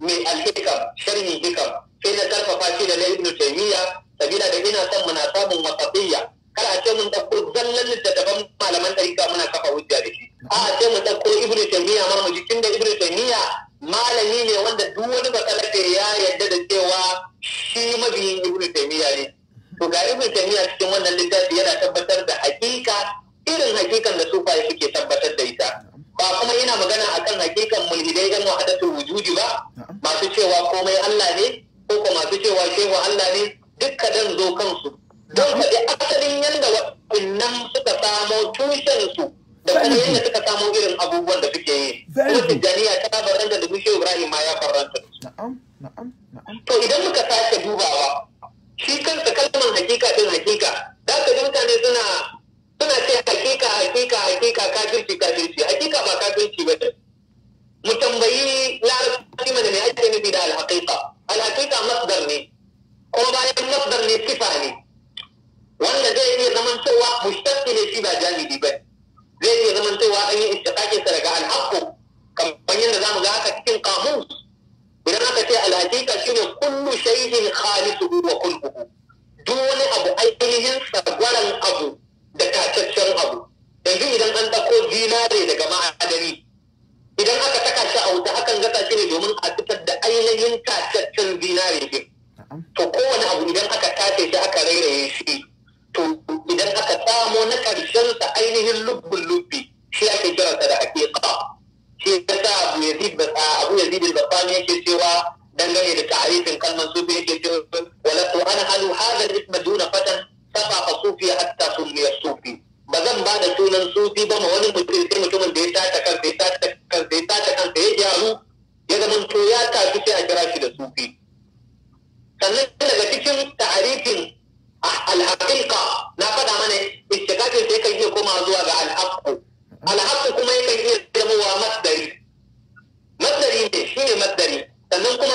mai alhikar sharhi hikar sai na karfafa shi da na Ibn taimiyya sabila da ina son muna samun wasatiyya kar a ce mun ɗauko zallan littattafan malaman ɗarika muna kafa hujja da shi a ce mun ɗauko ibnu taymiya ma mu jikin da ibnu taimiyya malami ne wanda duk wani matsalaka ya yarda da cewa shi mabiyin ibnu taymiya ne to ga ibnu taymiya cikin wannan littafi yana tabbatar da hakika irin hakikan da sufaye suke tabbatar da ita ba kuma yana magana akan hakikan mulhidai yan wahadatul wujudi ba masu cewa komai Allah ne ko kuma masu cewa shehu Allah ne dukka dan zo kansu don faɗi asalin yadda waɗannan suka samo tushen su da kaga yadda suka samu irin abubuwan da suke yi kuma Jami'a ta baranta da mushe ibrahim ma ya faranta na'am na'am na'am to idan muka sake dubawa shi kansa kalmar hakika din hakika za ka ji mutane suna suna ce hakika hakika hakika kafirci kafirci hakika ba kafirci ba ne mu tambayi larabci mana mai ake nufi da alhaƙiƙa alhaƙiƙa masdar ne Kuma bayan masdar ne sifa ne wanda zai iya zaman cewa mushtaqi ne shi ba jami'i ba ne zai iya zamantowa an yi istiqaqin sa daga alhaqqu kamar yadda zamu ga haka cikin qamus idan aka ce alhaqiqa shine kullu shay'in khalisuhu wa kulluhu duk wani abu ainihin sagwaran abu da tataccen abu yanzu idan an ɗauko zinare daga ma'adani idan aka taka shi a wuta akan gasa shi ne domin a fitar da ainihin tataccen zinare din to kowane abu idan aka tace shi aka rairaye shi to idan aka samo na karshen sa ainihin lubbun lubbi shi ake kiransa da aqiqa shi yasa Abu Yazid basa Abu Yazid al-Basani yake cewa dangane da ta'arifin kalmar sufi yake cewa wala tu ana halu hadha al-ism duna fatan safa sufi hatta sunni sufi ba zan ba da sunan sufi ba ma wani mutum sai mutumin da ya tata kansa ya tata kansa ya tata kansa ya gyaru ya zama to ya tafi sai a kira shi da sufi sannan daga cikin ta'arifin alhaƙiƙa na faɗa mana istiqaqin sai kan iya koma zuwa ga alhaqqu alhaqqu kuma yakan iya zama wa masdari masdari ne shine masdari sannan kuma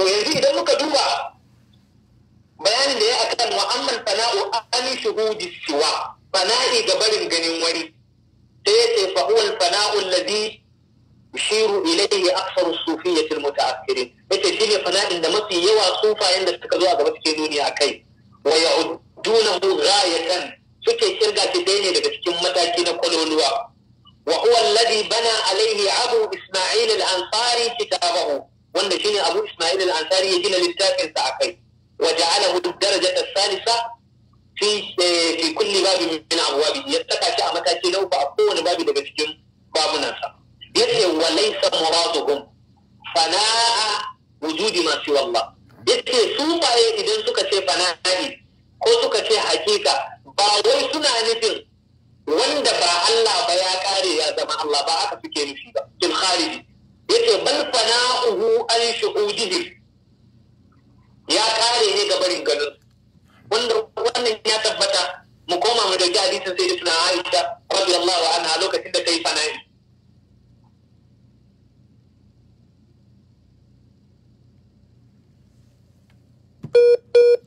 to yanzu idan muka duba bayanin da ya kan mu'amman fana'u an shuhudi siwa fana'i ga barin ganin wani sai ya ce fa huwa fana'u alladhi yushiru ilayhi aktharu sufiyyati almutaakhirin yace shine fana'in da mafi yawa sufayen da suka zo a gaba cikin duniya akai wa ya'udunahu ghayatan suke kirga shi dai ne daga cikin mataki na kwaloluwa wa huwa alladhi bana alayhi abu isma'il al-ansari kitabahu wanda shine Abu Isma'il al-Ansari ya gina littafinsa a kai, wa ja'alahu daraja ta salisa fi eh, fi kulli babin min abwabi ya saka shi a mataki na uku a kowane babi daga cikin babunan sa yace wa laysa muraduhum fana'a wujudi ma siwa Allah yace su baye idan suka ce fana'i ko suka ce hakika ba wai suna nufin wanda ba Allah ba ya kare ya zama Allah ba haka suke nufi ba fil khariji yace bal fana'uhu an shuhudihi ya kare ne ga barin ganin wanda wannan ya tabbata mu koma mu dauki hadisin sai isna Aisha radiyallahu ana lokacin da ta yi fana'i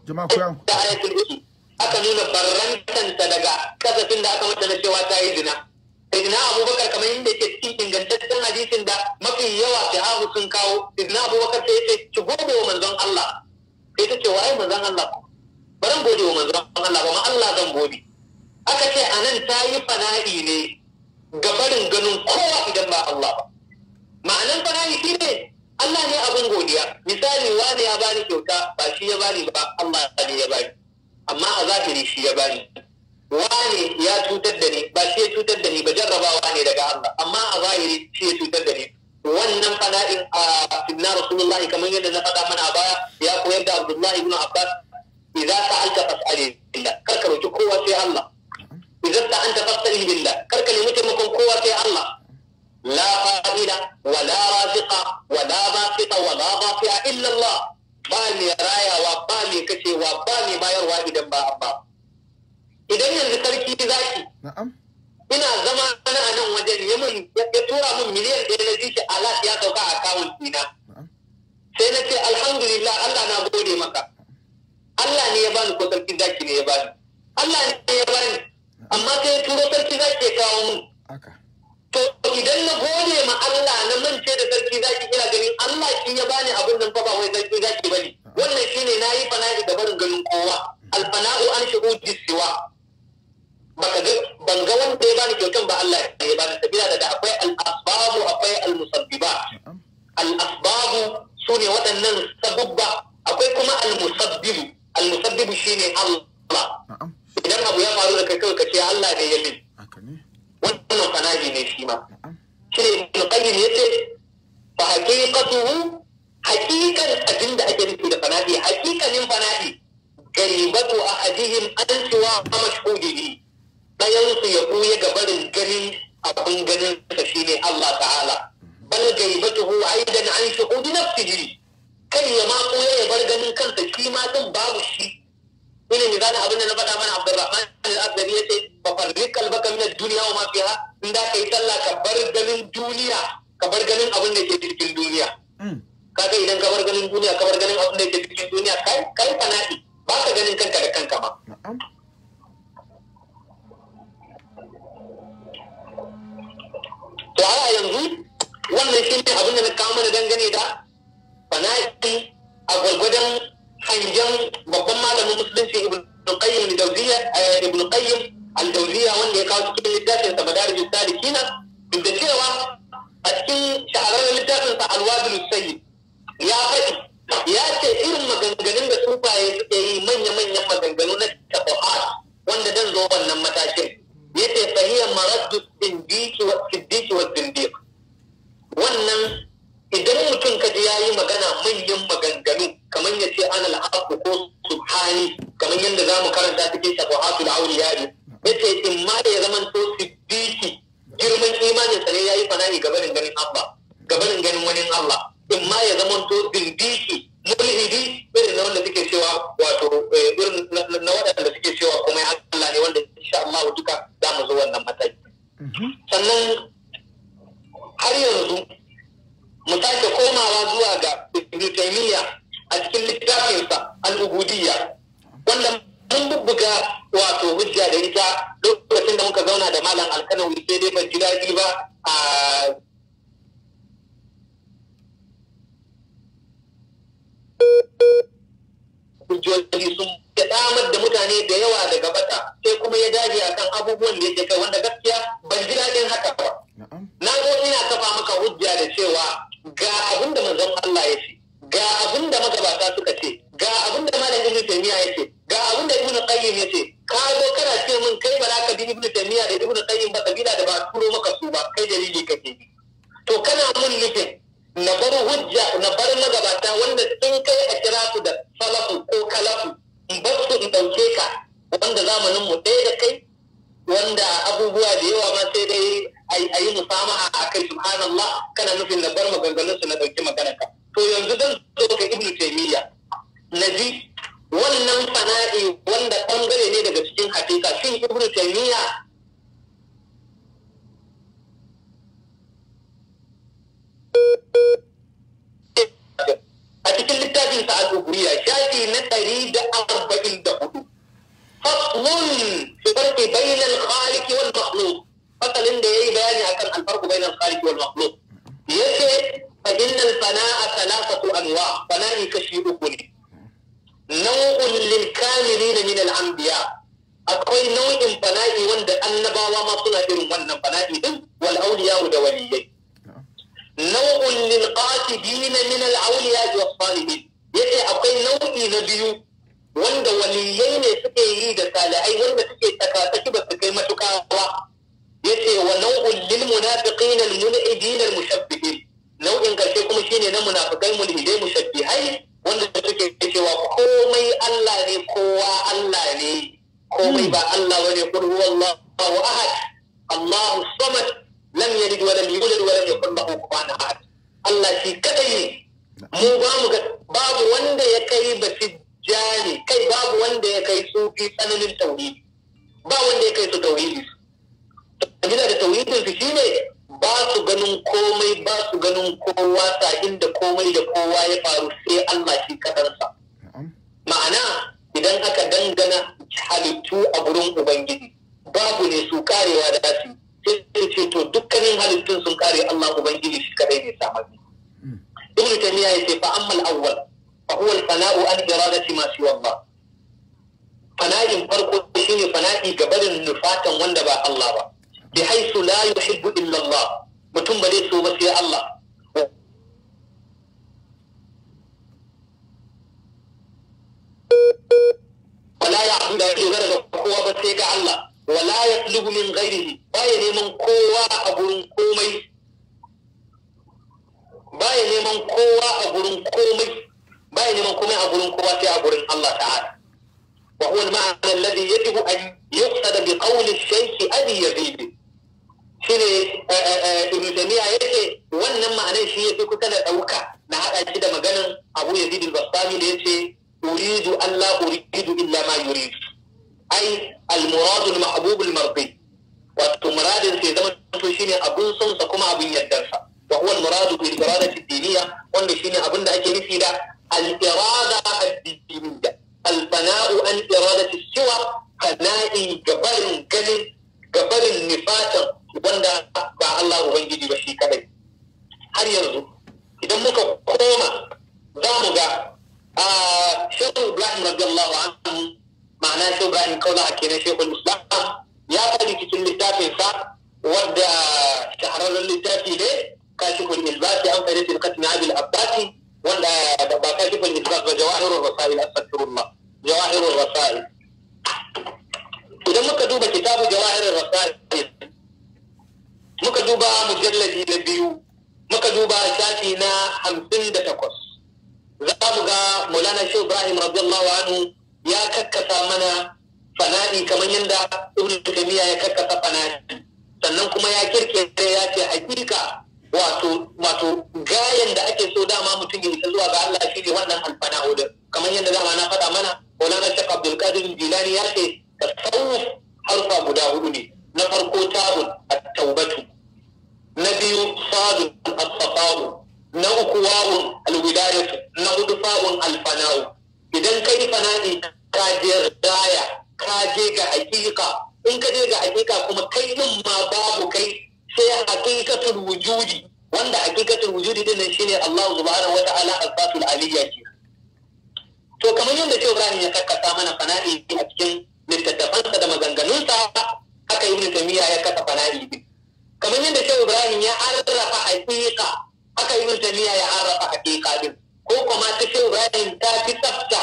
jama'a ku yan aka nuna barrantanta daga kasafin da aka mutane cewa ta yi zina sayyidina abubakar kamar yadda ke cikin ingantaccen hadisin da mafi yawa sahabu sun kawo sayyidina abubakar sai ce ki gode wa manzon Allah sai ta ce wa ai manzon Allah ba zan gode wa manzon Allah ba ma Allah zan gode aka ce anan ta yi fana'i ne ga barin ganin kowa idan ba Allah ba ma'anan fana'i shine Allah ne abin godiya misali wani ya bani kyauta ba shi ya bani ba Allah ne ya bani amma a zahiri shi ya bani wani ya cutar da ni ba shi ya cutar da ni ba jarrabawa ne daga Allah amma a zahiri shi ya cutar da ni wannan fana'in a sinna rasulullahi kamar yadda na faɗa mana a baya ya koyar da abdullahi ibn abbas idza sa'alta fas'ali billah kar ka roki kowa sai Allah idza sa'alta fas'ali billah kar ka nemi taimakon kowa sai Allah la fa'ila wa la raziqa wa la basita wa la baqiya illa Allah ba mai rayawa ba mai kashewa ba mai bayarwa idan ba Allah idan yanzu sarki zaki ina zama na a nan wajen ya ya tura min miliyan ɗaya na jishi alat ya sauka a kawun dina sai na ce alhamdulillah Allah na gode maka Allah ne ya bani ko sarki zaki ne ya bani Allah ne ya bani amma sai ya turo sarki zaki ya kawo min to idan na gode ma Allah na mance da sarki zaki ina ganin Allah shi ya bani abin nan fa ba wai sarki zaki bane wannan shine nayi fana'i da barin ganin kowa alfana'u an shuhudi siwa baka ga ban ga wanda ya bani kyautan ba Allah ya bani sabila daga akwai al-asbabu akwai al-musabbiba al-asbabu sune waɗannan sabubba akwai kuma al-musabbibu al-musabbibu shine Allah idan abu ya faru da kai kawai ka ce Allah ne ya min wannan fanaji ne shi ma shi ne ibn qayyim yace fa haqiqatuhu haqiqan abinda ake nufi da fanaji haqiqanin fanaji garibatu ahadihim an siwa mashhudihi su ya ɓuya ga barin ganin abin ganin sa ne Allah ta'ala bal gaibatuhu aidan an shuhudi jiri kai ya ma ɓuya ya bar ganin kansa shi ma babu shi za misalin abin da na faɗa mana Abdurrahman al ya ce ba farriq qalbaka min ad-dunya wa ma fiha in da kai sallah ka bar ganin duniya ka bar ganin abin da ke cikin duniya hmm. Ka ga idan ka bar ganin duniya ka bar ganin abin da ke cikin duniya kai kai fana'i ba ka ganin kanka da kanka ba to har yanzu wannan shi ne abin da na kawo mana dangane da fanaki a gwargwadon hangen babban malamin musulunci ibn qayyim al eh, wanda ya kawo cikin littafin sa madarij salikina da cewa a cikin sha'arar littafin sa alwadul sayyid ya faɗi ya ce irin maganganun da sufaye suke yi manyan shine abun sonsa kuma abin yardarsa wa huwa al-muradu bil iradati ad wanda shine abin da ake nufi da al-irada ad-diniyya al-fana'u an iradati siwa kana'i gabarin ganin gabarin nifatan wanda ba Allah ubangiji ba shi kadai har yanzu idan muka koma za mu ga a shekul ibrahim radiyallahu anhu ma'ana shekul ibrahim kaula a kenan shekul islam ya faɗi cikin littafinsa wadda shahararren littafi ne kashifin ilbasi an fahimci tilkat na abil abbasi wanda da ba kashifin ilbasi ba jawahirul rasail astaghfirullah jawahirul rasail idan muka duba kitabu jawahirul rasail muka duba mujalladi na biyu muka duba shafi na hamsin da takwas za mu ga mulana shi ibrahim radiyallahu anhu ya kakkasa mana fana'i kamar yadda ibn taymiya ya kakkasa fana'i sannan kuma ya kirkire ya ce hakika wato wato gayan da ake so dama mutum ya isa zuwa ga Allah shi ne wannan alfana din kamar yadda dama na faɗa mana Maulana Sheikh Abdul Qadir Jilani ya ce tasawuf harfa guda hudu ne na farko tabun at-taubatu na biyu sadun a safau na uku wawun al-widayatu na hudu fa'un al-fana'u idan kai fana'i ka je daya ka je ga hakika in ka je ga hakika kuma kai din ma babu kai sai hakikatul wujudi wanda hakikatul wujudi din nan shine Allah subhanahu wataala al-fatul aliyya ke to kamar yadda Shehu Ibrahim ya kakkasa mana fanadi a cikin littattafansa da sa haka Ibn tamiya ya kasa fanadi kamar yadda Shehu Ibrahim ya arrafa hakika haka Ibn tamiya ya arrafa hakika din ko kuma ta Shehu Ibrahim ta fi tsafta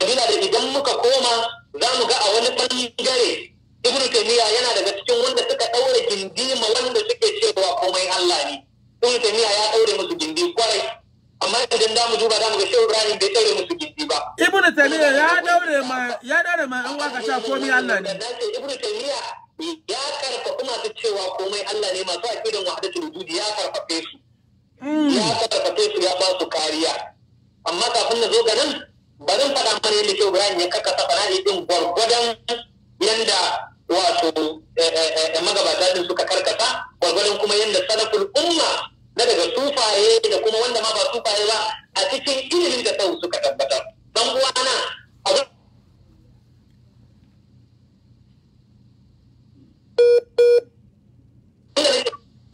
da idan muka koma za mu ga a wani bangare ibn taymiya yana daga cikin wanda suka daura gindi ma wanda suke cewa komai Allah ne ibn taymiya ya daure musu gindi kwarai amma idan da mu duba da mu ga shehu ibrahim bai daure musu gindi ba ibn taymiya ya daure ma ya daure ma an waka sha komai Allah ne ibn taymiya ya karfafa masu cewa komai Allah ne masu aqidan wahdatul wujud ya karfafe su hmm. ya karfafe su ya ba su kariya amma kafin na zo ga nan bari faɗa mana yadda shehu ibrahim ya kakkasa ne din gwargwadon yanda wato eh, eh, eh, magabata din suka karkata gwargwadon kuma yadda salaful umma na daga sufaye da kuma wanda ma ba sufaye ba a cikin ilimin da sau suka tabbatar dan uwana abin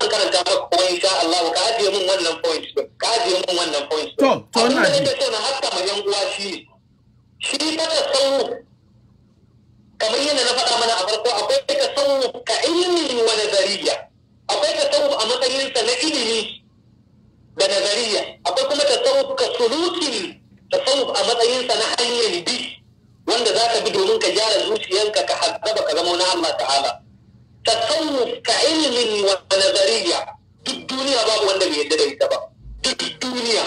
karanta maka kuma sha Allah ka ajiye mun wannan point din ka ajiye mun wannan point to to na ji da ce na hakka ma yan uwa shi shi ta tasawuf kamar yadda na faɗa mana a farko akwai tasawuf ka ilimin wa nazariya akwai tasawuf a matsayinsa na ilimi da nazariya akwai kuma tasawuf ka sulukin tasawuf a matsayinsa na hanyar bi wanda za ka bi domin ka gyara zuciyanka ka haɗaba ka zama na Allah ta'ala tasawuf ka ilimin wa nazariya duk duniya babu wanda bai yadda da ita ba duk duniya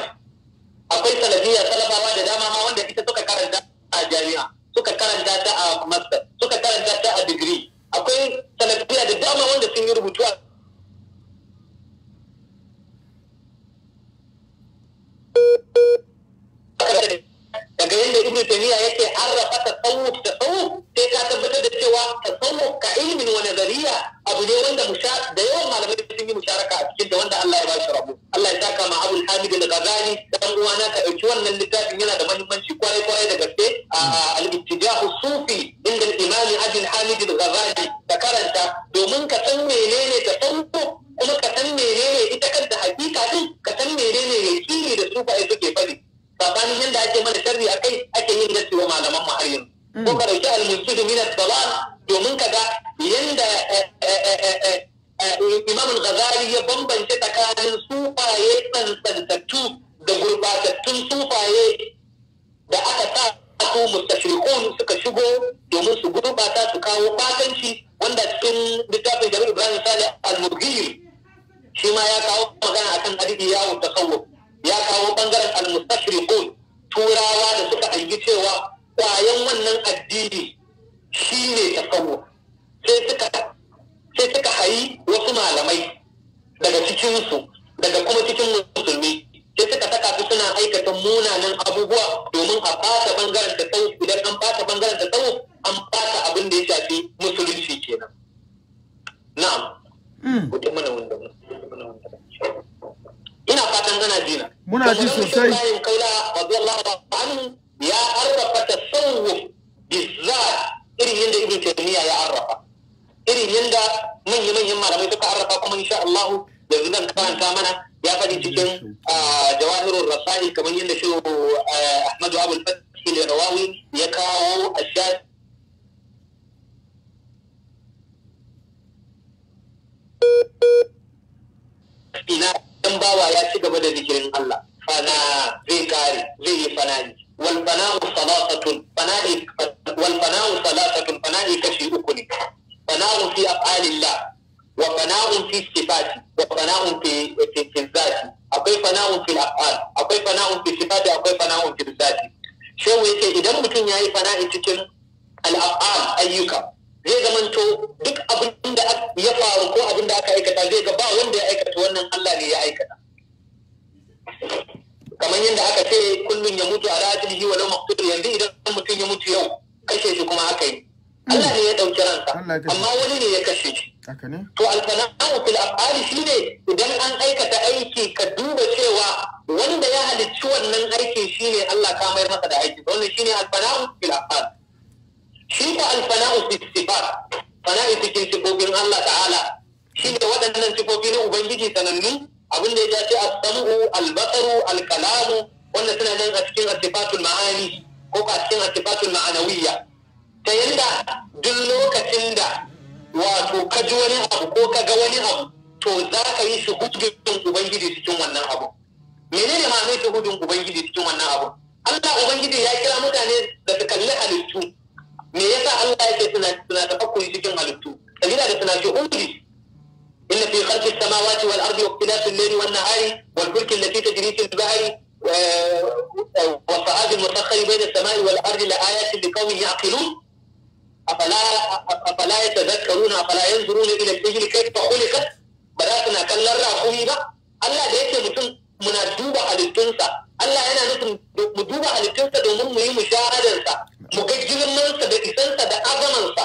akwai salafiya salafawa da dama ma wanda ita suka karanta a jami'a suka karanta ta a master suka karanta ta a degree akwai salafiya da dama wanda sun yi rubutu a daga yadda ibnu taymiya yake arrafa tasawuf tasawuf sai ka tabbatar da cewa tasawuf ka ilmin wa nazariya abu ne wanda da yawan malamai sun yi musharaka a cikin da wanda Allah ya ba shi rabo Allah ya saka ma abu Hamid al-Ghazali dan uwana ka dauki wannan littafin yana da muhimmanci kwarai kwarai da gaske al-ittijah sufi inda al-imam Abul Hamid al-Ghazali karanta domin ka san menene tasawuf kuma ka san menene ita kanta hakika din ka san menene yakini da sufaye suke fadi sabanin yadda ake mana sharri a kai ake yin da wa malaman mu har yanzu mm. ko ka dauki al-mujtahid min as-salat domin kaga yanda eh, eh, eh, Imam gazari ya bambance tsakanin sufaye tsantsantattu da gurbatattun sufaye da aka sa su mustashrikun suka shigo domin su gurbata su kawo batanci wanda cikin littafin Jami'u Ibrahim Salih al-Mughir shi ma ya kawo magana akan hadisi yawo tasawuf ya kawo bangaren al-mustashriqun turawa da suka aiki cewa kwayan wannan addini shine tasawuf sai suka sai suka hayi wasu malamai daga cikinsu daga kuma cikin musulmi sai suka saka su suna aikata munanan abubuwa domin a fata bangaren tsawo idan an fata bangaren tsawo an fata abin da ya shafi musulunci kenan na'am mutum mana wanda fatan gana dina muna ji sosai Kaula radiyallahu anhu ya arrafa tasawuf bizzat irin yadda Ibn Taymiyyah ya arrafa irin yadda manyan manyan malamai suka arrafa kuma insha Allah yanzu karanta mana ya faɗi cikin jawahirul kamar yadda shi Ahmadu Abul Fatih rawawi ya kawo ashad dan bawa ya ci gaba da zikirin Allah fana zai kare zai yi ne. wal fana'u salasatun fana'i wal fana'u salasatun fana'i kashi uku ne fana'u fi af'alillah wa fana'u fi sifati wa fana'u fi fi zati akwai fana'u fi af'al akwai fana'u fi sifati akwai fana'u fi zati shehu yace idan mutum yayi fana'i cikin al-af'al ayyuka zai zamanto duk abin da ya faru ko abin da aka aikata zai ga ba wanda ya aikata wannan Allah ne ya aikata kamar yadda aka ce kullum ya mutu a rajin hiwa na maktubu yanzu idan mutum ya mutu yau kashe shi kuma aka yi Allah ne ya ɗauki ransa amma wani ne ya kashe shi to alfana'u fil af'ali shine idan an aikata aiki ka duba cewa wanda ya halicci wannan aikin shine Allah ka mayar masa da aiki wannan shine alfana'u fil af'ali shi da alfana'u fi sifat fana'i cikin sifofin Allah ta'ala shi ne waɗannan sifofi na ubangiji sanannu abin da ya dace a sanu, albasaru, alkalamu wanda suna nan a cikin asifatul ma'ani ko a cikin asifatul ma'anawiyya ta yanda duk lokacin da wato ka ji wani abu ko ka ga wani abu to za ka yi shuhudin ubangiji cikin wannan abu menene ma'anar shuhudin ubangiji cikin wannan abu Allah ubangiji ya kira mutane da su kalli halittu me yasa Allah yake suna da hukumi cikin halittu kabila da suna shuhuri inna fi khalqis samawati wal ardi wa ikhtilafil layli wan nahari wal fulki allati tajri fil bahri والصعاد المسخر بين السماء والارض لآيات لقوم يعقلون أفلا أفلا يتذكرون أفلا ينظرون إلى الإبل كيف خلقت بلا سنا كلا راقومي با الله ده يكي متن منا دوبا halittunsa Allah yana nufin mu duba halittunsa domin mu yi mushahadarsa mu ga girmansa da isansa da azamansa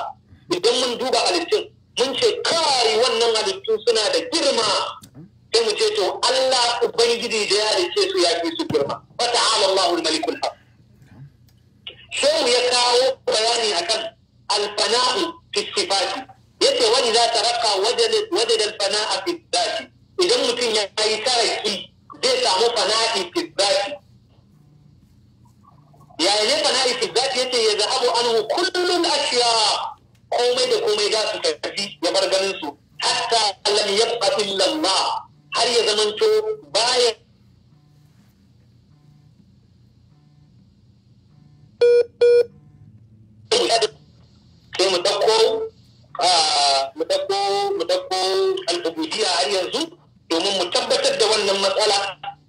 idan mun duba halittun mun ce kawai wannan halittun suna da girma sai mu ce to Allah ubangiji da ya ce su ya fi su girma fa Allahul malikul haq shehu ya kawo bayani akan alfana'u fi sifati yace wani za ta raka wajen alfana'a fi idan mutum ya yi taraki zai samu fana'i fi zati yayin ne fana'i fi zati yace ya zahabu anhu kullun ashiya komai da komai za su tafi ya bar ganin su hatta lam yabqa illa Allah har ya zamanto baya sai mu dauko mu dauko mu dauko al-ubudiyya har yanzu domin mu tabbatar da wannan matsala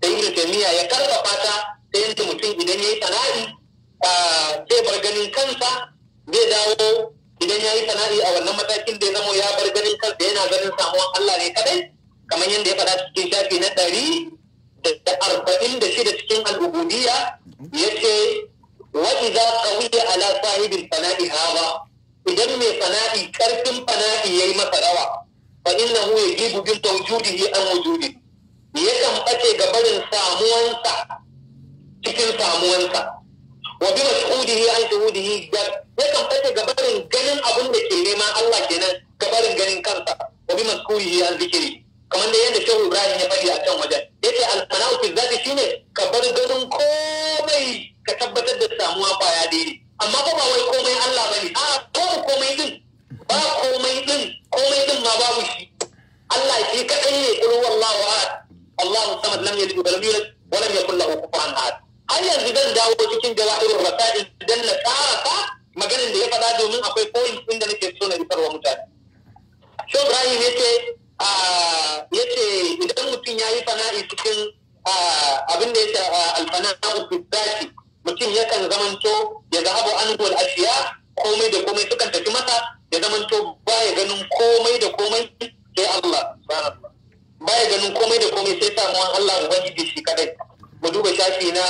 da ibn taymiya ya karfafa ta ta yadda mutum idan ya yi sana'i sai bar ganin kansa zai dawo idan ya yi sana'i a wannan matakin da ya zama ya bar ganin kansa yana ganin samuwan Allah ne kadai kamar yadda ya faɗa cikin shafi na ɗari da arba'in da shida cikin al'ubudiyya ya ce za ka wuce ala sahibin sana'i hawa idan mai sana'i karfin fana'i yi masa rawa fa innahu yajibu bil tawjudihi an wujudi yakan bace ga barin samuwansa cikin samuwansa wa bi mas'udihi an shuhudihi yakan bace ga barin ganin abin da ke neman Allah kenan ga barin ganin kansa wa bi mas'udihi an zikiri kamar da yadda shehu ya faɗi a can wajen yace al-fana'u fi zati shine ka bar ganin komai ka tabbatar da samuwa kwaya daidai amma ba wai komai Allah bane a komai din ba komai din komai din ma babu shi Allah shi kadai ne kullu wallahu ahad Allahu samad lam yalid walam yulad walam yakul lahu kufuwan ahad har yanzu zan dawo cikin jawahirul rasail dan na karaka maganin da ya faɗa domin akwai koyin din da nake so na rifarwa mutane Sho Ibrahim yace yace idan mutum yayi fana'i cikin abin da yake alfana'u fi mutum yakan zamanto ya zahabu an gol ashiya komai da komai sukan tafi masa ya zama to baya ganin komai da komai sai Allah baya ganin komai da komai sai samuwan Allah ubangiji shi kadai mu duba shafi na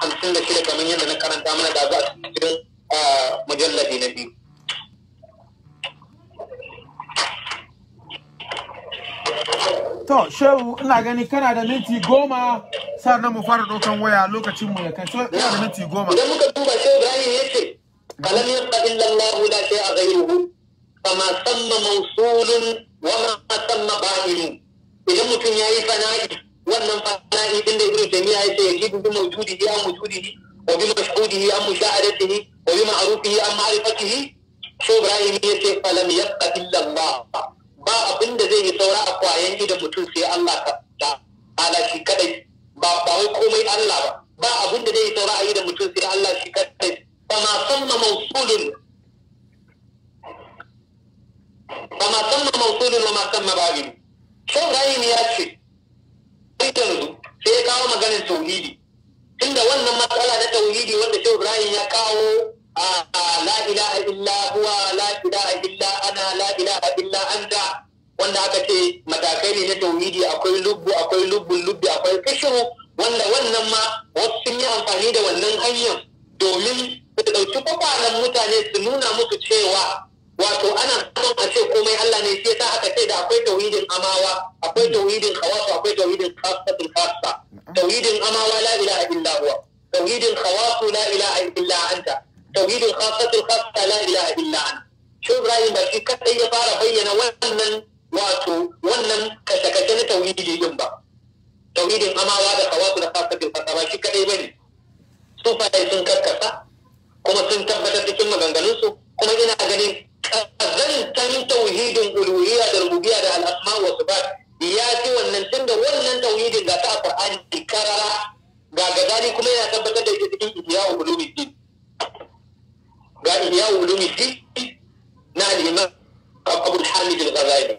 hamsin da shida kamar yadda na karanta mana da za a cikin majallabi na biyu To, shehu ina gani kana da minti goma sannan mu fara ɗaukan waya lokacin mu ya kai. So, ina da minti goma. Idan muka duba shehu Ibrahim ya ce, kalam yasqa illallahu la shay'a ghayruhu kama samma mausulun wa ma samma ba'ilu idan mutum ya yi fana'i wannan fana'i din da ibnu taymiya ya ce yajibu bi mawjudihi an wujudihi wa bi mashhudihi an mushahadatihi wa bi ma'rufihi an ma'rifatihi so ibrahim ya ce falam yabqa illa allah ba abin da zai yi saura a kwayan da mutum sai allah ka ta'ala shi kadai ba ba wai komai allah ba ba abin da zai yi saura a yi da mutum sai allah shi kadai fa ma samma mausulun wa ma samma mausulun wa ma samma ba'in sai Ibrahim ya ce yanzu sai ya kawo maganin tauhidi tunda wannan matsala na tauhidi wanda sai Ibrahim ya kawo a la ilaha illa huwa la ilaha illa ana la ilaha illa anta wanda aka ce matakai ne na tauhidi akwai lubbu akwai lubbun lubbi akwai kishiru, wanda wannan ma wasu sun yi amfani da wannan hanyar domin su ɗauki kwakwalan mutane su nuna musu cewa wato ana samun a ce komai Allah ne shi yasa aka ce da akwai tauhidin amawa akwai tauhidin khawas akwai tauhidin khassatul khassa tauhidin amawa la ilaha illa huwa tauhidin khawas la ilaha illa anta tauhidin khassatul khassa la ilaha illa anta shi Ibrahim ba shi kadai ya fara bayyana wannan wato wannan kashe-kashe na tauhidi din ba tauhidin amawa da khawas da khassatul khassa ba shi kadai bane sufaye sun karkasa kuma sun tabbatar cikin maganganunsu kuma ina ganin kazantan tauhidin uluhiyya da rububiyya da al'asma wa sifat ya ce wannan tun da wannan tauhidin ga ta Qur'ani karara ga gazali kuma yana tabbatar da ita cikin ihya'ul ulumuddin ga ihya'ul ulumuddin na al-imam Abu Hamid al-Ghazali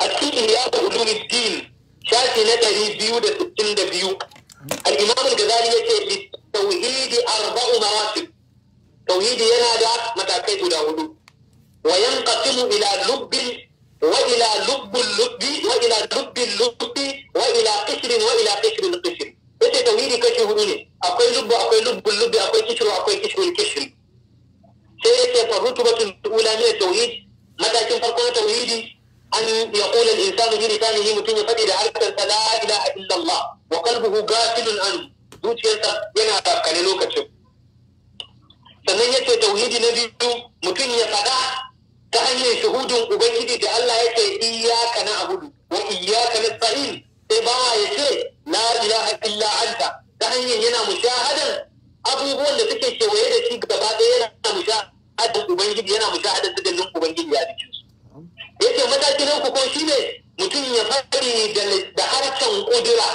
a cikin ihya'ul ulumuddin shafi na ɗari biyu da sittin da biyu al-imam al-Ghazali yace tauhidi arba'u mawaqif tauhidi yana da matakai guda hudu wa yanqasimu ila lubbin wa ila Lubbi, وإلى لب اللب وإلى لب اللب وإلى قشر وإلى قشر القشر yace tauhidi kashi hudu ne akwai lubbu akwai lubbun lubbi akwai kishru akwai kishrul kishr sai yace fa rutubatul ula min tauhid matakin farko na tauhidi an yaqula al insanu bi lisanihi mutum ya faɗi da harkar sa la ilaha illa allah wa qalbuhu ghafilun an zuciyarsa yana da rafkane lokacin sannan ya ce tauhidi na biyu mutum ya faɗa ta hanyar shahudin ubangiji da Allah ya ce iyaka na abudu wa iyaka na sa'in sai bawa ya ce la ilaha illa anta ta hanyar yana mushahadan abubuwan da suke kewaye da shi gaba ɗaya yana mushahadan ubangiji yana mushahadan sadallin ubangiji ya cikin su yace mataki na uku ko ne mutum ya faɗi da harshen kudura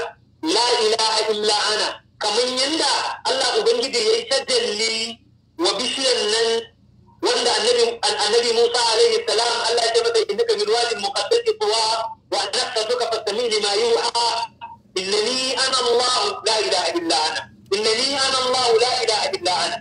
la ilaha illa ana kamar yadda Allah ubangiji ya yi tajalli wa bishiyar nan wanda annabi Musa alaihi salam Allah ya mata innaka min wadin muqaddasi tuwa wa annaka suka fastami lima yuha innani ana Allah la ilaha illa ana innani ana Allah la ilaha illa ana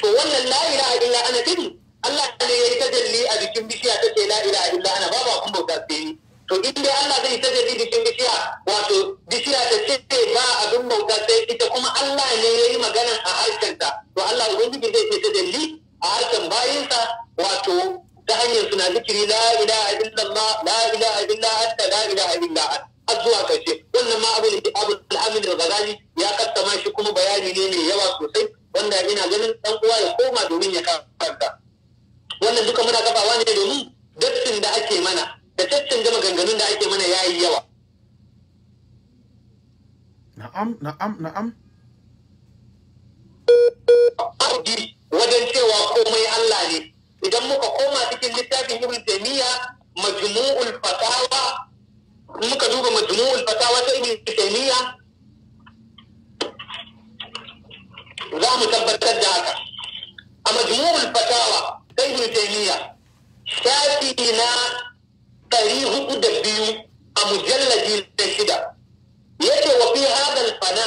to wannan la ilaha illa ana din Allah ne ya yi tajalli a jikin bishiya ta ce la ilaha illa ana babu abun bauta sai to inda Allah zai ta jadi bikin bishiya wato bishiya ta ce ba abin bauta sai ita kuma Allah ne ya yi magana a ta. to Allah ubangiji zai ce ta jalli a harshen bayinsa wato ta hanyar suna zikiri la ilaha illallah la ilaha illallah hatta la ilaha illallah har zuwa karshe wannan ma da abu al amin al-ghazali ya kaddama shi kuma bayani ne mai yawa sosai wanda ina ganin dan uwa ya koma domin ya karanta wannan duka muna kafawa ne domin dattin da ake mana da caccin gama ganganun da ake mana yayi yawa na'am na'am na'am ardi wajen cewa komai Allah ne idan muka koma cikin littafin Ibn Taymiyyah majmu'ul fatawa muka duba majmu'ul fatawa ta Ibn Taymiyyah za mu tabbatar da haka a majmu'ul fatawa ta Ibn Taymiyyah shafi na ɗari hudu da biyu a mujallabi na shida yake wa fi hadal fana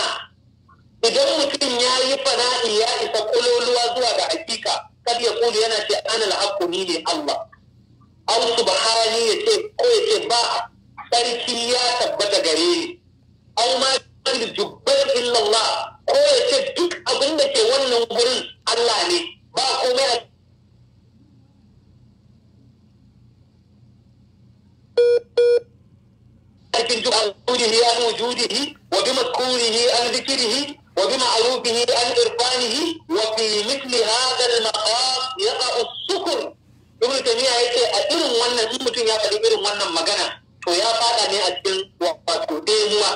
idan mutum ya yi fana'i ya isa kololuwa zuwa ga hakika kad ya kulu yana ce ana alhaqqu ni ne Allah aw subhani ya ce ko ya ce ba sarki ya tabbata gare ni aw ma jubbar illallah ko ya ce duk abin da ke wannan gurin Allah ne ba komai a لكن بحضوره عن وجوده وبمذكوره عن ذكره وبمعروفه عن عرفانه وفي مثل هذا المقام يقع السكر ابن تيمية يقول أترم وانا سمتن يا فلبير وانا مغانا to ya fada ne a cikin wato ɗemuwa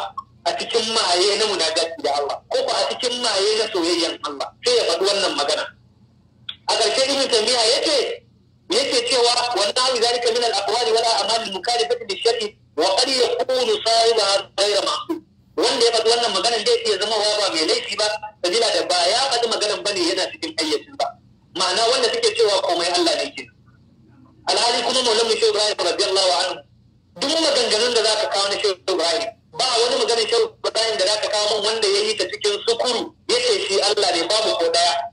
a cikin maye na munajati da Allah ko a cikin maye na soyayyan Allah sai ya faɗi wannan magana a ƙarshe ibn tamiya yace yake cewa wannan abu zalika min al wala wal a'mal mukhalifati bi shar'i wa qad yakunu sahiba ghayra Masu. wanda ya faɗi wannan maganar da ya zama wa ba mai laifi ba sabila da ba ya faɗi maganar bane yana cikin ayyacin ba ma'ana wanda suke cewa komai Allah ne ke alhali kuma maulan mu shehu Ibrahim radiyallahu anhu duk maganganun da zaka kawo na shehu Ibrahim ba wani maganar shehu Ibrahim da ka kawo min, wanda ya yi ta cikin sukuru yake shi Allah ne babu ko daya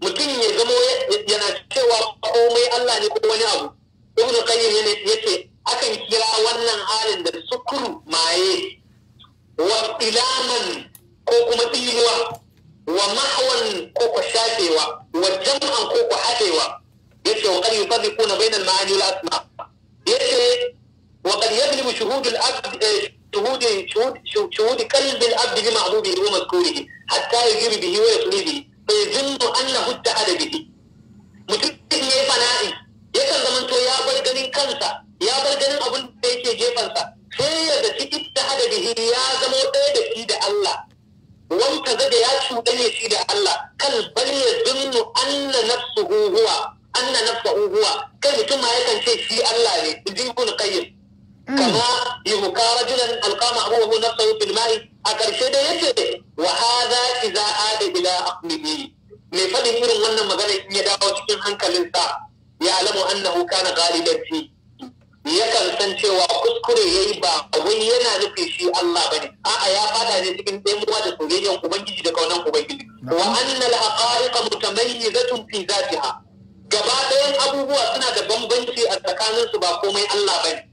mutum ya zamo yana cewa komai Allah ne ko wani abu ibn qayyim ya ce akan kira wannan halin da sukuru maye wa ilaman ko kuma tsinuwa wa mahwan ko ko shafewa wa jam'an ko ko hadewa yace wa qad yufarriquna bayna al-ma'ani wal asma yace wa qad yadlibu shuhud al-abd shuhud shuhud shuhud qalbi al-abd bi ma'budihi wa mazkurihi hatta yajibu bihi wa yuslihi bai zinnu annahu ta'ala bihi mutum ne fana'i yakan zamanto ya bar ganin kansa ya bar ganin abin da yake gefansa sai ya da ci ittihada bihi ya zama ɗaya da shi da Allah wanka zaga ya cuɗanye shi da Allah kan bal ya zinnu anna nafsuhu huwa anna nafsuhu huwa kai mutum ma yakan ce shi Allah ne ibn qayyim kama yuka rajulan alqama abuhu nafsahu fil ma'i a karshe da yace wa hadha idza ada ila aqlihi Me fadin irin wannan magana in ya dawo cikin hankalinsa ya alamu annahu kana ghaliban fi yakan san cewa kuskure yayi ba wai yana nufin shi Allah bane a'a ya fada ne cikin ɗemuwa da soyayyen ubangiji da kaunan ubangiji wa anna al-haqa'iq mutamayyizatun fi zatiha gaba ɗayan abubuwa suna da bambanci a tsakaninsu ba komai Allah bane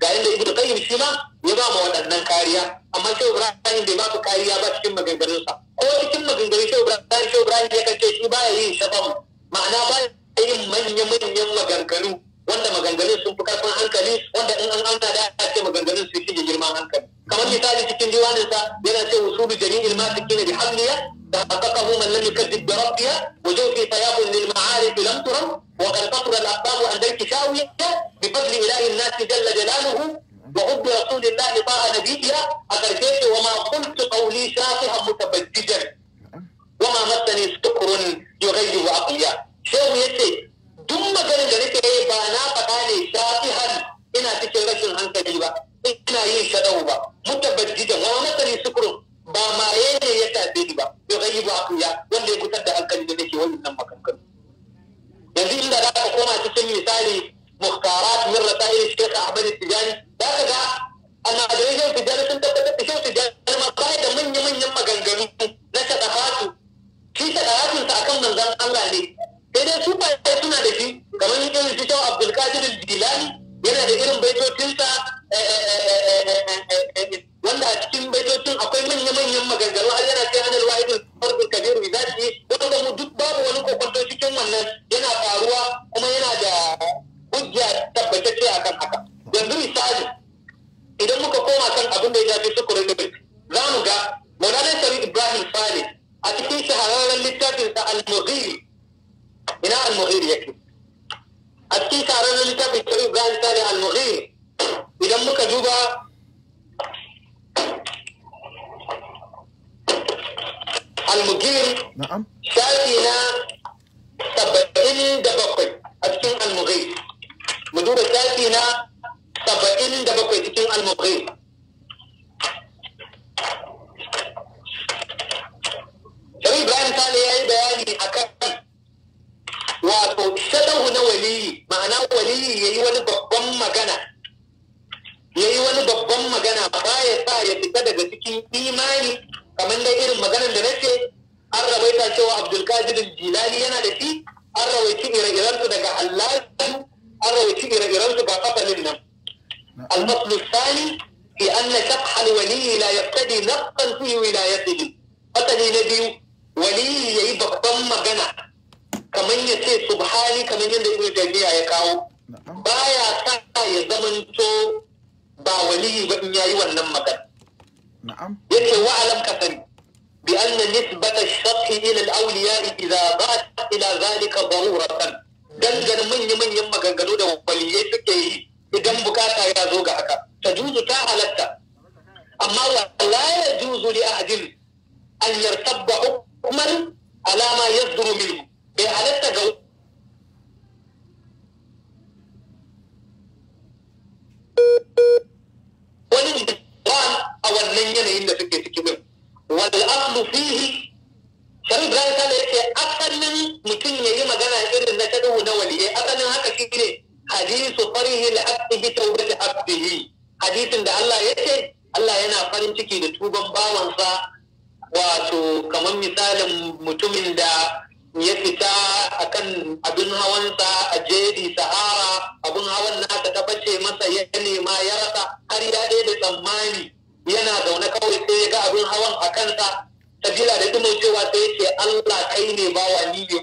ga inda ibnu qayyim shi ma ya ba ma waɗannan kariya amma shehu ibrahim bai ba su kariya ba cikin maganganunsa ko cikin maganganun shehu ibrahim shi ibrahim ya kace shi baya yin shafam ma'ana ba yin manya manyan maganganu wanda maganganun sun fi karfin hankali wanda in an amsa da ya ce maganganun sun ke girman hankali kamar misali cikin diwanin sa yana ce usulu jami'il masikina bi hamliya صدقه من لم يكذب بربها وزوجي طياب للمعارف لم ترم وقد فطر الاقدام عن بيت شاويه بفضل اله الناس جل جلاله وحب رسول الله طاع نبيها أكرتيت وما قلت قولي شافها متبجدا وما مسني سكر يغير عقليا شو يتي ثم قال لك ايه بانا فقالي شافها انا ne عن ina انا rashin hankali ba ina yin ba ma yanayi ya tafe ni ba ya zai ba ku ya wanda ya kusan da hankali da nake wannan nan makankan yanzu inda za ka koma cikin misali muhtarat min rasail shaykh ahmad tijani za ka ga almajirai shehu tijani sun tabbatar da shehu tijani ma bai da manya-manyan maganganu na shaɗafatu shi kan akan zan Allah ne sai dai su bai suna da shi kamar irin shi qadir abdulkadir jilani yana da irin baitocinsa eh, eh, eh, wanda a cikin baitocin akwai manya-manyan maganganu har yana kai hanyar wahidin farkul kabir rizati wanda mu duk babu wani kokonto cikin wannan yana faruwa kuma yana da hujja tabbatacce a kan haka yanzu misali idan muka koma kan abin da ya shafi sukurin da za mu ga maulalai sari ibrahim salih a cikin shahararren littafinsa al muhiri ina al muhiri yake a cikin shahararren littafin sari ibrahim salih al muhiri idan muka duba almugir shafi na saba'in da bakwai a cikin almugir mu duba shafi na saba'in da bakwai cikin almugir Shari Ibrahim Sale ya yi bayani a kan wato shadahu na waliyi ma'ana waliyi ya yi wani babban magana ya yi wani babban magana ba ya sa ya fita daga cikin imani kamar dai irin maganar da nake an rawaita cewa abdulkadir jilani yana da shi an rawaici ire-irensu daga allahi an rawaici ire-irensu ba kafanin nan المثل الثاني في أن شقح الولي لا يقتدي نقصا في ولايته مثلي نبي ولي يي babban magana kamar ya ce subhani kamar yadda ibn jami'a ya kawo baya sa ya zamanto ba waliyi ba in yayi wannan magana نعم يقول واعلم كفن بأن نسبة الشرح إلى الأولياء إذا ضعت إلى ذلك ضرورة dangane manya-manyan maganganu da waliyai suke yi idan bukata ya zo ga haka ta juzu ta halatta amma la ya juzu li ahadin an yartabba hukuman alama yasduru minhu bai halatta ga wani a wannan yanayin da suke ciki din wal aslu fihi shan da yake asalin mutum ya yi magana irin na shaɗu na waliyai asalin haka shi ne hadisu farihi la abdihi tawbati abdihi hadisin da Allah ya ce Allah yana farin ciki da tuban bawansa wato kamar misalin mutumin da ya fita ya cewa sai ce Allah kai ne bawa ni ne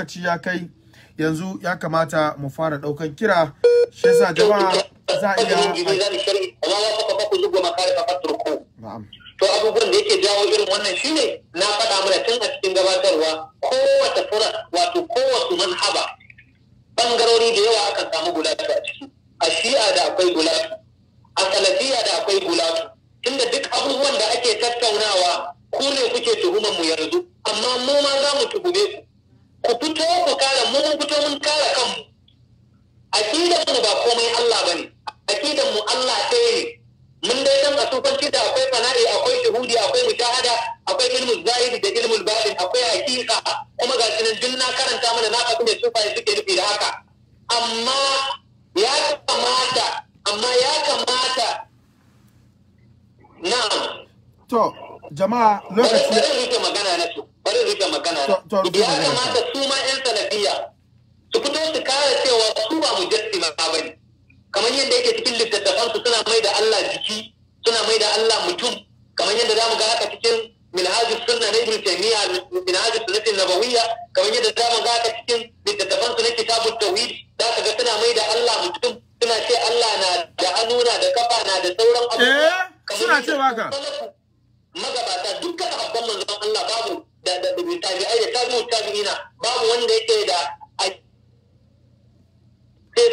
lokaci ya kai yanzu ya kamata mu fara ɗaukan kira shi yasa jama'a za a iya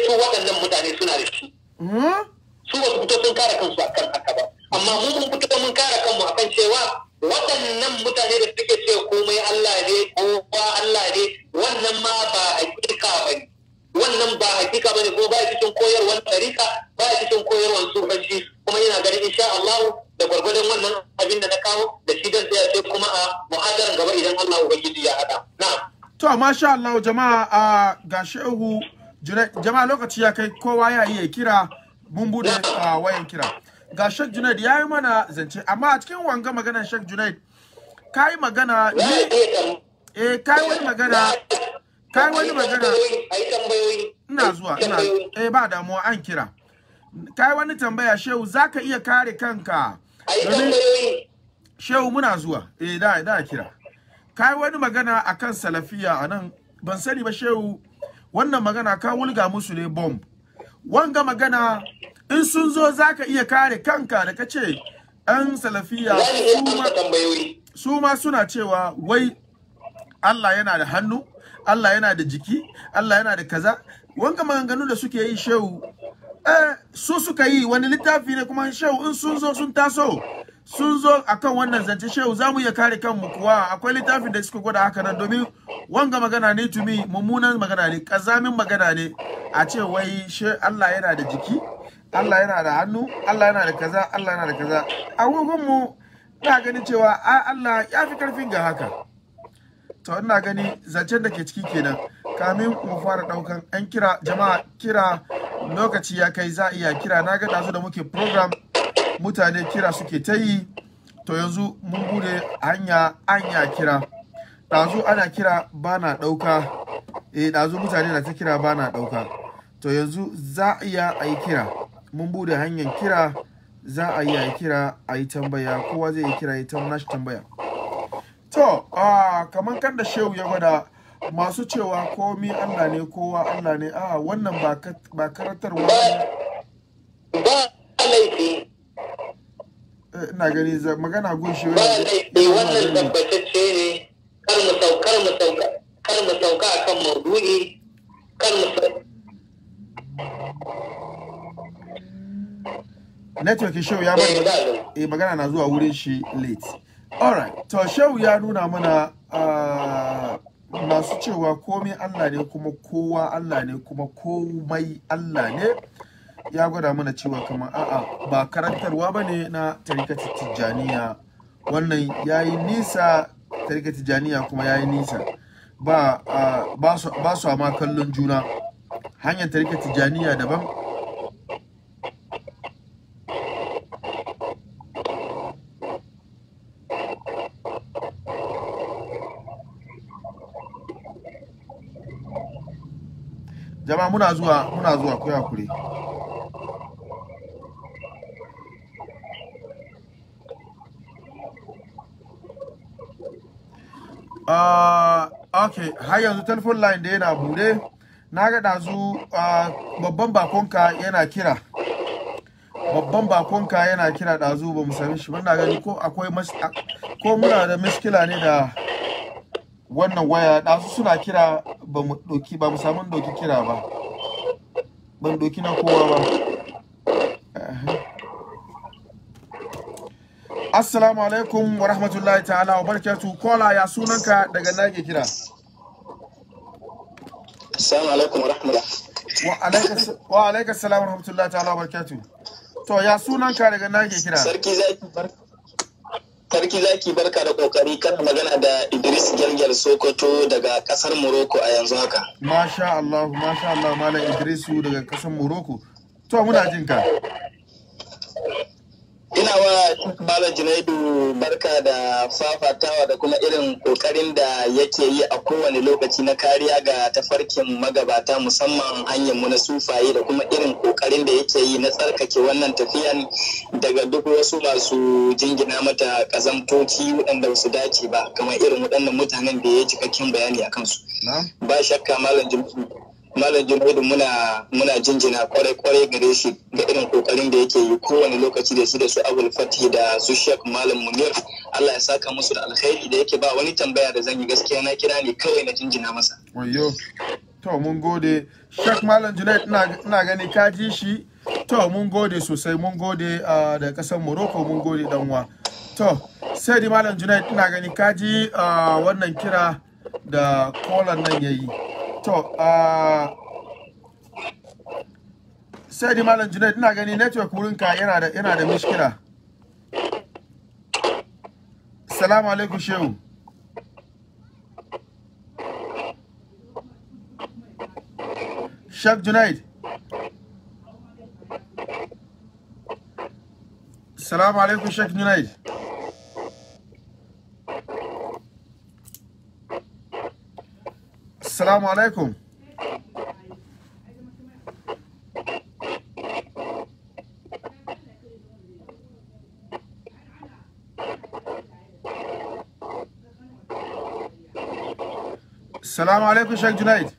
su waɗannan mutane suna da shi hmm? su ba su fito sun kare kansu akan haka ba amma mu mun fito mun kare kanmu a kan cewa waɗannan mutane da suke ce komai Allah ne kowa Allah ne wannan ma ba hakika ba ne wannan ba hakika ba ne ko ba cikin koyarwar tarika ba cikin koyarwar sufanci kuma yana ganin sha Allah da gwargwadon wannan abin da na kawo da shi dan tsaya sai kuma a muhadaran gaba idan Allah ubangiji ya hada na to masha Allah jama'a a gashe shehu jama'a lokaci ya kai kowa ya iya kira mun bude wayan kira ga Sheikh Junaid ya yi mana zance amma a cikin wanga magana Sheikh Junaid kai magana ni eh kai wani magana kai wani magana ina zuwa ina eh ba damuwa an kira kai wani tambaya Shehu zaka iya kare kanka domin Shehu muna zuwa eh da da kira kai wani magana akan salafiya anan ban sani ba Shehu wannan magana ka wulga musu ne bomb wanga magana in sun zo zaka iya kare kanka da kace ɗan salafiya su ma suna cewa wai Allah yana da hannu Allah yana da jiki Allah yana da kaza wanga maganganu da suke yi shehu eh su suka yi wani littafi ne kuma shehu in sun zo sun taso sun zo akan wannan zance shehu za mu iya kare kanmu kuwa akwai littafin da suka gwada haka nan domin wanga magana ne tumi mummunan magana ne kazamin magana ne a ce wai she Allah yana da jiki Allah yana da hannu Allah yana da kaza Allah yana da kaza A mu ina gani cewa a Allah ya fi karfin ga haka to ina gani zancen da ke ciki kenan kamin mu fara daukan an kira jama'a kira lokaci ya kai za iya kira na ga da muke program mutane kira suke ta yi to yanzu mun bude hanya anya kira ɗazu ana kira ba na ɗauka eh ɗazu mutane na ta kira ba na ɗauka to yanzu za a iya a yi kira mun bude hanyar kira za a iya a yi kira a yi tambaya kowa zai yi kira ya tambaya nashi tambaya to a kamar kan da shehu ya gwada masu cewa komi allah ne kowa allah ne a wannan ba karatarwa ne ba laifi ina gani magana gun shi eh, eh, wani wannan tabbatacce ne kar mu sauka kar mu sauka kar mu sauka akan maudu'i kar mu network show ya bari eh, eh magana na zuwa wurin shi late alright to show ya nuna mana ah, masu cewa komai Allah ne kuma kowa Allah ne kuma komai Allah ne ya gwada mana cewa kamar a'a ba karantarwa ba ne na tarikatar tijjaniya wannan ya yi nisa tarikatar tijjaniya kuma ya yi nisa ba ba su ma kallon juna hanyar tarikatar tijjaniya daban jama'a muna zuwa muna zuwa ku Uh, okay, har yanzu telephone line da yana bude. Na ga ɗazu uh, babban bakonka yana kira. Babban bakonka yana kira ɗazu ba mu sami shi. Muna gani ko akwai ko muna da miskila ne da wannan waya ɗazu suna kira ba mu doki ba mu samu kira ba. Ban doki na kowa ba. Uh -huh. Assalamu alaikum wa rahmatullahi ta'ala wa barakatuh. Kola ya sunanka daga nage kira. Assalamu alaikum wa rahmatullahi. Wa alaikum assalamu wa rahmatullahi ta'ala wa barakatuh. To ya sunanka daga nage kira. Sarki zaki Sarki zaki barka da kokari kan magana da Idris Gelgel Sokoto daga kasar Morocco a yanzu haka. Masha Allah, masha Allah Malam Idrisu daga kasar Morocco. To muna jinka. Malam Junaidu barka da fafatawa da kuma irin kokarin da yake yi a kowane lokaci na kariya ga tafarkin magabata musamman hanyar mu na sufaye da kuma irin kokarin da yake yi na tsarkake wannan tafiyan daga duk wasu masu jingina mata kazamtoci waɗanda su dace ba kamar irin waɗannan mutanen da ya yi cikakken bayani a kansu. Ba shakka Malam Junaidu Malam Junaidu muna muna jinjina kwarai kwarai gare shi ga irin kokarin da yake yi kowane lokaci da su da su Abul Fatih da su Sheikh Malam Munir Allah ya saka musu da alkhairi da yake ba wani tambaya da zan yi gaskiya na kira ne kawai na jinjina masa. wayo To mun gode. Sheikh Malam Junaid ina gani ka ji shi. To mun gode sosai mun gode da kasar Morocco mun gode danwa. To sai di Malam Junaid ina gani ka ji wannan kira da kolan nan yayi. to ah, sai di malam junaid ina gani network wurinka yana da yana da mishkila salamu alaikum shehu Sheikh Junaid. Salamu alaikum Sheikh Junaid. السلام عليكم السلام عليكم شيخ جنيد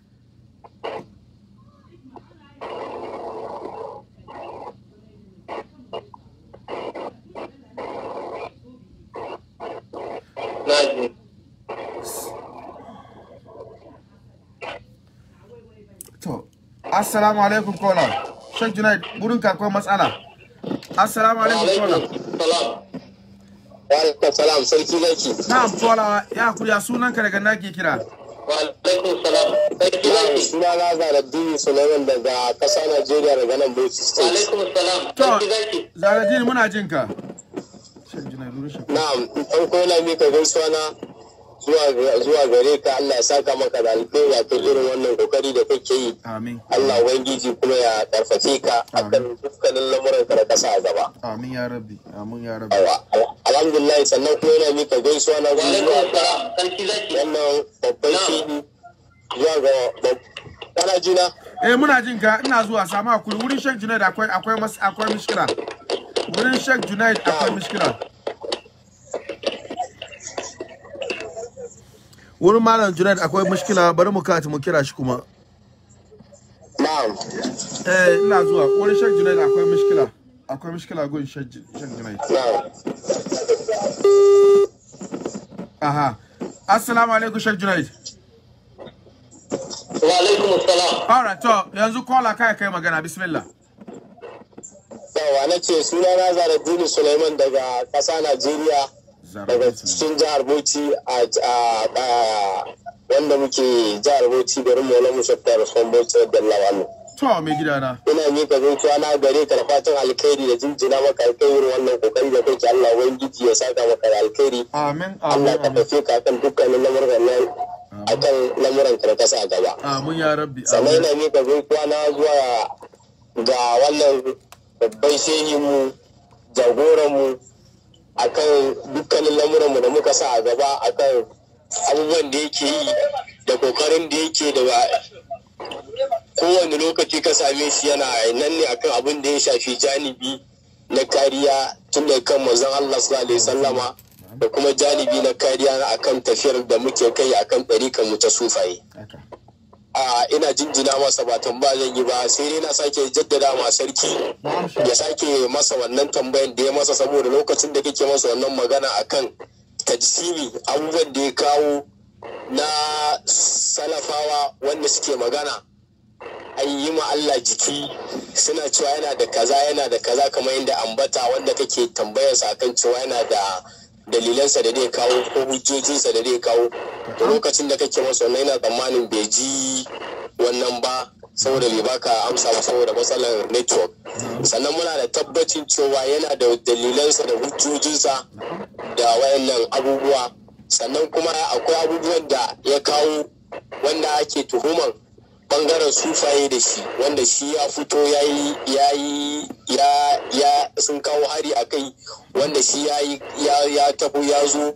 assalamu alaikum kola shek junaid gurin ka akwai matsala assalamu alaikum kola alaikum salam sarki zaki na kola ya kuriya sunan ka daga nake kira alaikum salam sarki zaki suna na zaraddini sulaiman daga kasa najeriya daga nan bauchi state alaikum salam sarki zaki zaraddini muna jin ka shek na'am an kola ne ka gaisuwa na zuwa gare ka Allah ya saka maka da alkhairi a irin wannan kokari da kake yi Allah ubangiji kuma ya karfafe ka akan dukkanin lamuran ka da kasa a gaba amin ya rabbi amin ya rabbi alhamdulillah sannan kuma yana mika gaisuwa na gani zuwa ga wannan babban shi zuwa ga kana jina eh muna jin ka ina zuwa sama kuri wurin Sheikh Junaid akwai akwai akwai mishkila wurin Sheikh Junaid akwai mishkila wurin malam Junaid akwai mushkila bari mu kati mu kira shi kuma na'am eh ina zuwa wurin Sheikh Junaid akwai mushkila akwai mushkila gun Sheikh Junaid aha assalamu alaikum Sheikh Junaid wa alaikum assalam all right to yanzu kola kai kai magana bismillah yawa nace sunana Zaraddini Suleiman daga ƙasa Najeriya daga cikin jihar bauchi a wanda muke jihar bauchi garin mola ta rasuwan bauchi da lawanu tuwa mai gida na ina zo zuciya na gare ka fatan alkhairi da jinjina maka alkhairi wannan kokari da kake Allah ubangiji ya saka maka alkhairi amin Allah ka tafi ka kan dukkanin lamuran nan akan lamuran ka ka sa gaba amin ya rabbi sannan ina zo zuciya na zuwa ga wannan babban shehi mu jagoran mu akan dukkanin mu da muka sa a gaba akan abubuwan da yake yi da kokarin da yake da kowane lokaci ka same shi yana nan ne akan abin da ya shafi janibi na kariya tun da kan mazan Allah sallallahu alaihi sallama da kuma janibi na kariya akan tafiyar da muke kai akan ɗarikan mu ta sufaye. a ina jinjina masa ba tambaya zan yi ba sai dai na sake jaddada ma sarki ya sake masa wannan tambayan da ya masa saboda lokacin da kake masa wannan magana akan tajsimi abubuwan da ya kawo na salafawa wanda suke magana an yi ma Allah jiki suna cewa yana da kaza yana da kaza kamar yadda ambata wanda kake tambayarsa akan cewa yana da dalilansa da zai kawo ko hujjojinsa da zai kawo da lokacin da kake masa wannan yana tsammanin bai ji wannan ba saboda bai baka amsa ba saboda matsalar network sannan muna da tabbacin cewa yana da dalilansa da hujjojinsa da wayannan abubuwa sannan kuma akwai abubuwan da ya kawo wanda ake tuhuman bangaren sufaye da shi wanda shi ya fito ya yi ya sun kawo hari a kai wanda shi ya yi ya zo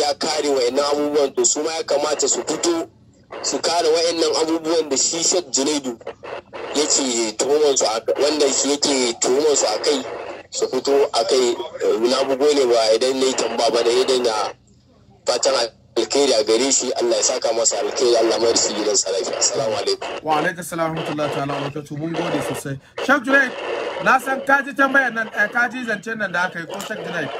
ya kare wa'annan abubuwan to su ma ya kamata su fito su kare wa'annan abubuwan da shi shek junaidu yake tuhumansu wanda shi yake tuhumansu a kai su fito a kai eh, na bugo ne ba idan na yi tamba ba da idan na fatan alkhairi a gare shi Allah ya saka masa alkhairi Allah mai su gidan sa lafiya assalamu alaikum wa alaikum assalam rahmatullahi ta'ala wa barakatuh mun gode sosai Sheikh Junaid na san ka ji tambayar nan eh, ka ji zancen nan da aka yi ko Sheikh Junaid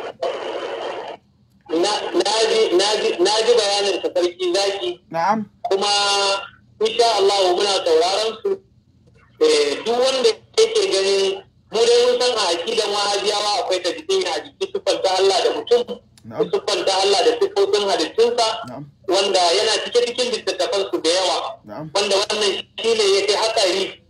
na ji na ji na ji bayanin ta sarki zaki na'am kuma insha Allah muna tauraron su eh duk wanda yake ganin mu dai mun san a aqidan wahabiyawa akwai tajdiya a jikin sifar Allah da mutum ya kwanta Allah da siffofin halittunsa wanda yana cike cikin littattafan su da yawa wanda wannan shi ne yake hatsari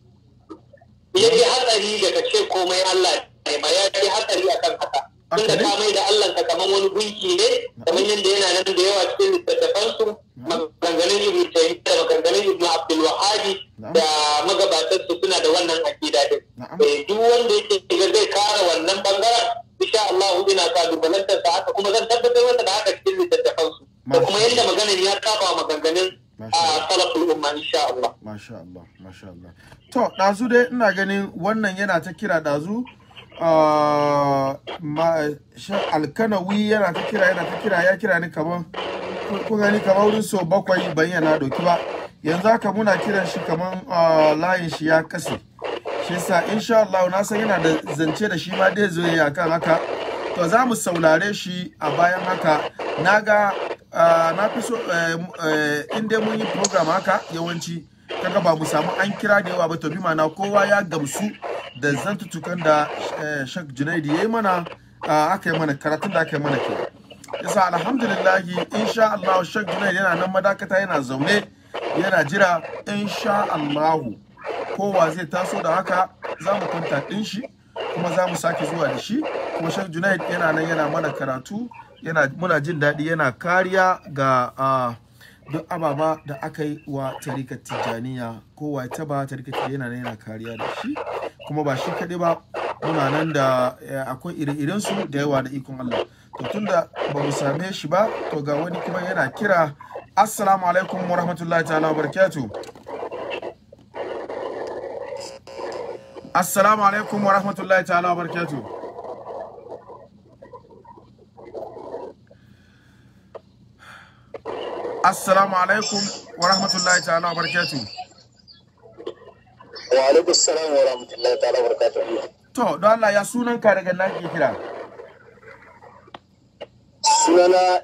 yake hatsari da ka komai Allah ne ba ya fi hatsari akan haka tunda ka mai da Allah ka kaman wani gunki ne kamar yadda yana nan da yawa cikin littattafan su maganganun ibnu Taymiyyah da maganganun Ibn Abdul wahabi da magabatar su suna da wannan akida din eh, duk wanda yake shiga zai kara wannan bangaren insha Allah ina kalubalantar sa haka kuma zan tabbatar masa da haka cikin littattafan da kuma yadda maganar ya saba maganganun a ah, salafin umma insha Allah masha Allah masha Allah to ɗazu dai ina ganin wannan yana ta kira ɗazu. Ah, alkanawi yana ta kira yana ta kira ya kira ni kaman ku gani kamar wurin so bakwai bayyana doki ba yanzu haka muna kiran shi kamar ah, layin shi ya kase shi yasa insha Allah na san yana da zance da shi ma dai zo yayi akan haka to za mu saurare shi a bayan haka naga ah, na fi so eh, eh, in dai mun yi program haka yawanci kaga ba mu samu an kira da yawa ba to bi mana kowa ya gamsu da zantutukan da eh, Sheikh Junaidi yayi mana aka yi mana karatun da aka yi mana ke yasa alhamdulillahi insha Allah Sheikh Junaidi yana nan madakata yana zaune yana jira insha Allah kowa zai taso da haka za mu kwanta ɗin shi kuma za mu sake zuwa da shi kuma Sheikh Junaid yana nan yana mana karatu yana muna jin daɗi yana kariya ga don ababa da aka yi wa tarikar ko wa ta ba tarikar tijaniya yana yana kariya da shi kuma ba shi kaɗai ba muna nan da eh, akwai ire-iren su da yawa da ikon Allah to tunda ba mu same shi ba to ga wani kuma yana kira assalamu alaikum wa rahmatullahi ta'ala wa barakatu assalamu alaikum wa rahmatullahi ta'ala wa barakatu assalamu alaikum wa rahmatullahi ta'ala wa barakatuh wa alaikum salam wa rahmatullahi ta'ala wa barakatuh to don Allah ya sunan ka daga nan ke kira sunana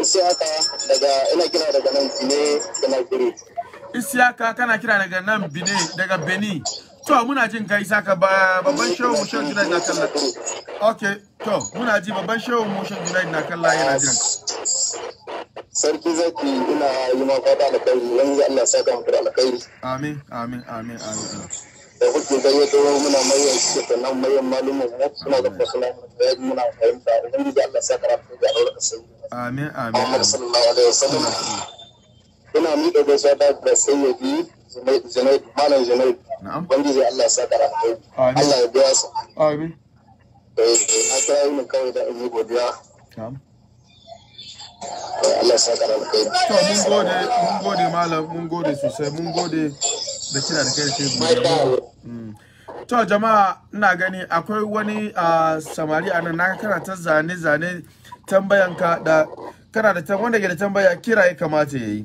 isiyaka daga ina kira daga nan bine da nagiri isiyaka kana kira daga nan bine daga benin to muna jin kai saka ba babban shehu mu shehu Junaid na kalla okay to muna ji babban shehu mu shehu Junaid na kalla yana jin sarki zaki ina yi ma fada kai yanzu Allah saka mu da alkhairi amin amin amin amin da kuke gayyato muna mayan shi da nan mai mayan malumin mu kuma da fasala da muna fahimta yanzu Allah saka mu da alkhairi amin amin sallallahu alaihi wasallam ina mi da gaisuwa da sayyidi Junaid Malam Junaid na'am ubangiji Allah ya saka rahmai Allah ya biya su amin eh na kira yi min kawai da in yi godiya na'am Allah ya saka rahmai to mun gode mun gode malam mun gode sosai mun gode da kira da kai sai mu mm. to jama'a ina gani akwai wani samari a nan na karanta zane zane tambayanka da kana da wanda ke da tambaya kiraye kamata ya yi.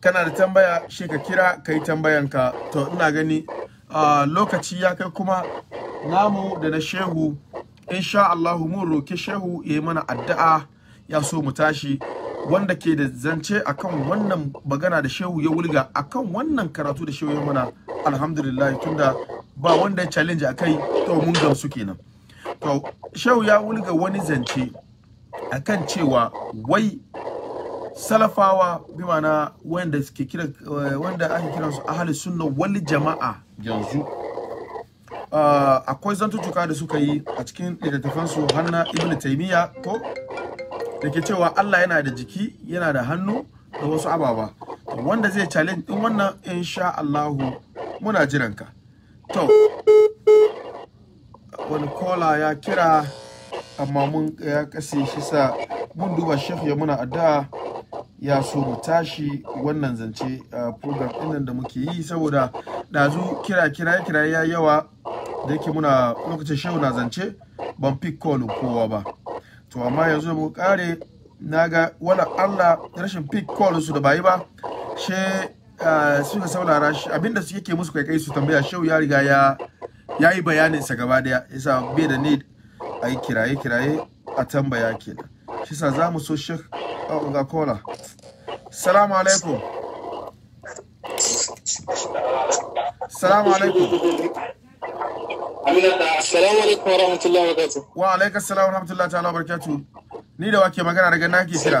kana da tambaya shi ka kira ka yi tambayanka to ina gani uh, lokaci ya kai kuma namu da na shehu insha Allahu mun roki shehu ya yi mana addu'a ya so mu tashi wanda ke da zance akan wannan magana da shehu ya wulga akan wannan karatu da shehu ya mana alhamdulillah tunda ba wanda ya challenge kai to mun gamsu kenan to shehu ya wulga wani zance akan cewa wai salafawa bi mana wanda suke kira eh, wanda ake kiran su ahli sunna wal jama'a yanzu ah, akwai zantutuka da suka yi a cikin littattafan su hanna ibnu taymiya ko ke cewa Allah yana da jiki yana da hannu da wasu ababa wanda zai challenge din wannan insha Allah muna jiranka to wani kola ya kira amma mun ya kase shi sa mun duba shekhu ya muna addu'a ya so mu tashi wannan zance a program ɗinnan da muke yi saboda ɗazu kira kira kira ya yawa da yake muna lokacin shehu na zance ban fi call kowa ba to amma yanzu mu kare naga wala Allah rashin pick call su da bayi ba she suka saurara shi abinda su yake musu kai kai su tambaya shehu ya riga ya yayi bayanin sa gaba daya yasa bai da need a yi kiraye-kiraye a tambaya ke shi sa za mu so shek ga kola salamu alaikum salamu alaikum Assalamu alaikum wa rahmatullahi wa barakatuh. Wa alaikum assalam wa rahmatullahi wa Ni da wake magana daga naki kira.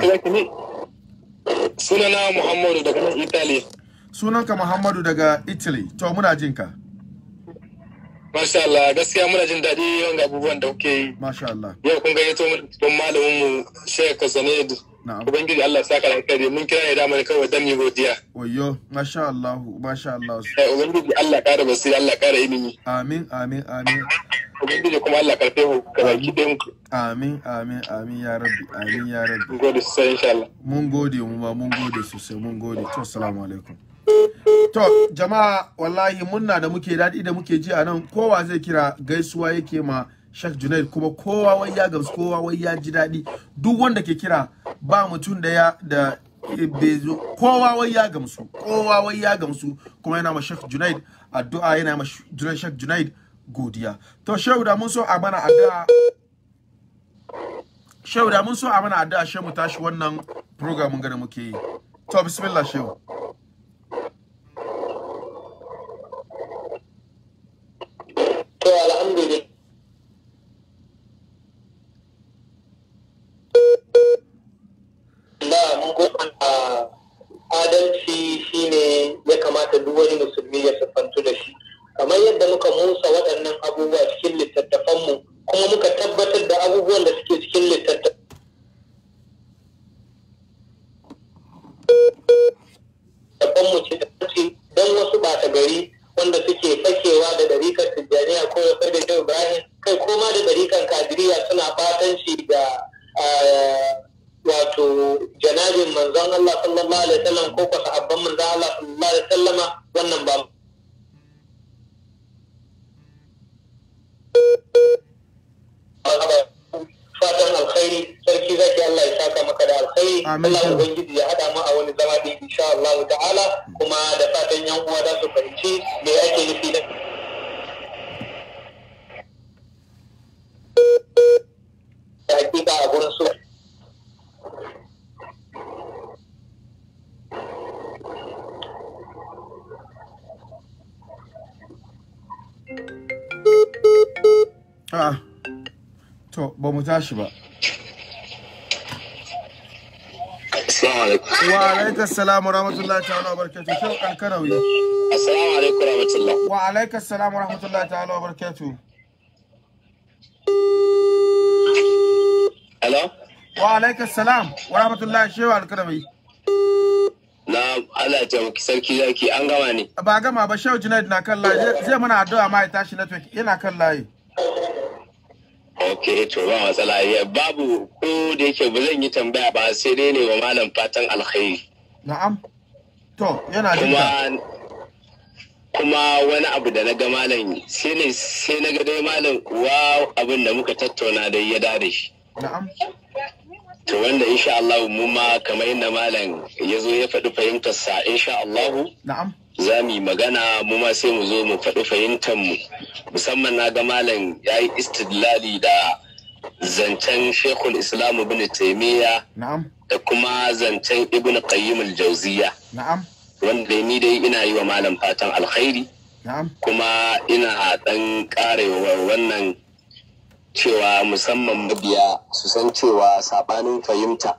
Sunana Muhammadu daga Italy. Sunanka Muhammadu daga Italy. To muna jinka. Masha Allah gaskiya muna jin daɗi wanga abubuwan da kuke yi. Masha Allah. Yau kun gayyato tun malamin mu Sheikh Na'am. Ubangiji Allah saka da kare mun kira ne damar kawai dan mu godiya. Oyo Masha Allah Masha Allah. Eh, Ubangiji Allah ƙara basira Allah ƙara ilimi. Amin amin amin. Ubangiji kuma Allah karfe mu karaki ɗin ku. Amin amin amin ya rabbi amin ya rabbi. Mun gode sosai insha Allah. Mun gode mu ba mun gode sosai mun gode. To assalamu alaikum. To jama'a wallahi munna da muke daɗi da muke ji a nan kowa zai kira gaisuwa yake ma Sheikh Junaid kuma kowa wai ya gamsu kowa wai ya ji daɗi duk wanda ke kira ba mutum da ya eh, da bezo kowa wai ya gamsu kowa wai ya gamsu kuma yana ma Sheikh Junaid addu'a yana ma Junaid Sheikh Junaid godiya to Shehu da mun so a mana addu'a Shehu da mun so a mana addu'a shehu mu tashi wannan program mun ga da muke yi to bismillah Shehu to alhamdulillah adalci shine ya kamata duk wani musulmi ya siffantu da shi kamar yadda muka musa waɗannan abubuwa cikin littattafanmu kuma muka tabbatar da abubuwan da suke cikin littattafan mu ce don wasu ɓata gari wanda suke fakewa da ɗarikar tijjaniya ko da da shehu ibrahim kai koma da ɗarikan kadiriya suna fatanci ga wato janabin manzon Allah sallallahu alaihi wasallam ko ko sahabban manzon Allah sallallahu alaihi wasallam wannan ba Thank you. fatan alkhairi sarki zaki Allah ya saka maka da alkhairi Allah ubangiji ya hada mu a wani zama da insha Allah ta'ala kuma da fatan yan uwa da su fahimci me ake nufi da hakika a gurin su Ah. to ba mu tashi ba wa alaika salam wa rahmatullahi ta'ala wa barakatuh shau kankarawi assalamu alaikum rahmatullah wa alaika salam wa rahmatullahi ta'ala wa barakatuh hello wa alaika salam wa rahmatullahi shau alkarawi na Allah ta muki sarki zaki an gama ne ba gama ba shau junaid na kan layi zai mana addu'a ma ya tashi network yana kan layi ok to ba matsala ya babu ko da yake ba zan yi tambaya ba sai dai ne wa malam fatan alkhairi na'am to yana kuma kuma wani abu da na ga malam sai ne sai na ga dai malam wa abin da muka tattauna dai ya dare shi na'am to wanda insha Allah mu ma kamar inda malam ya zo ya faɗi fahimtar sa insha Allah na'am za mu yi magana mu ma sai mu zo mu faɗi fahimtar mu musamman na ga malam ya yi istidlali da zancen shekul islam ibn taimiyya da kuma zancen ibn qayyim jauziya wanda ni dai ina yi wa malam fatan alkhairi kuma ina ɗan ƙarewa wannan cewa musamman mabiya su san cewa saɓanin fahimta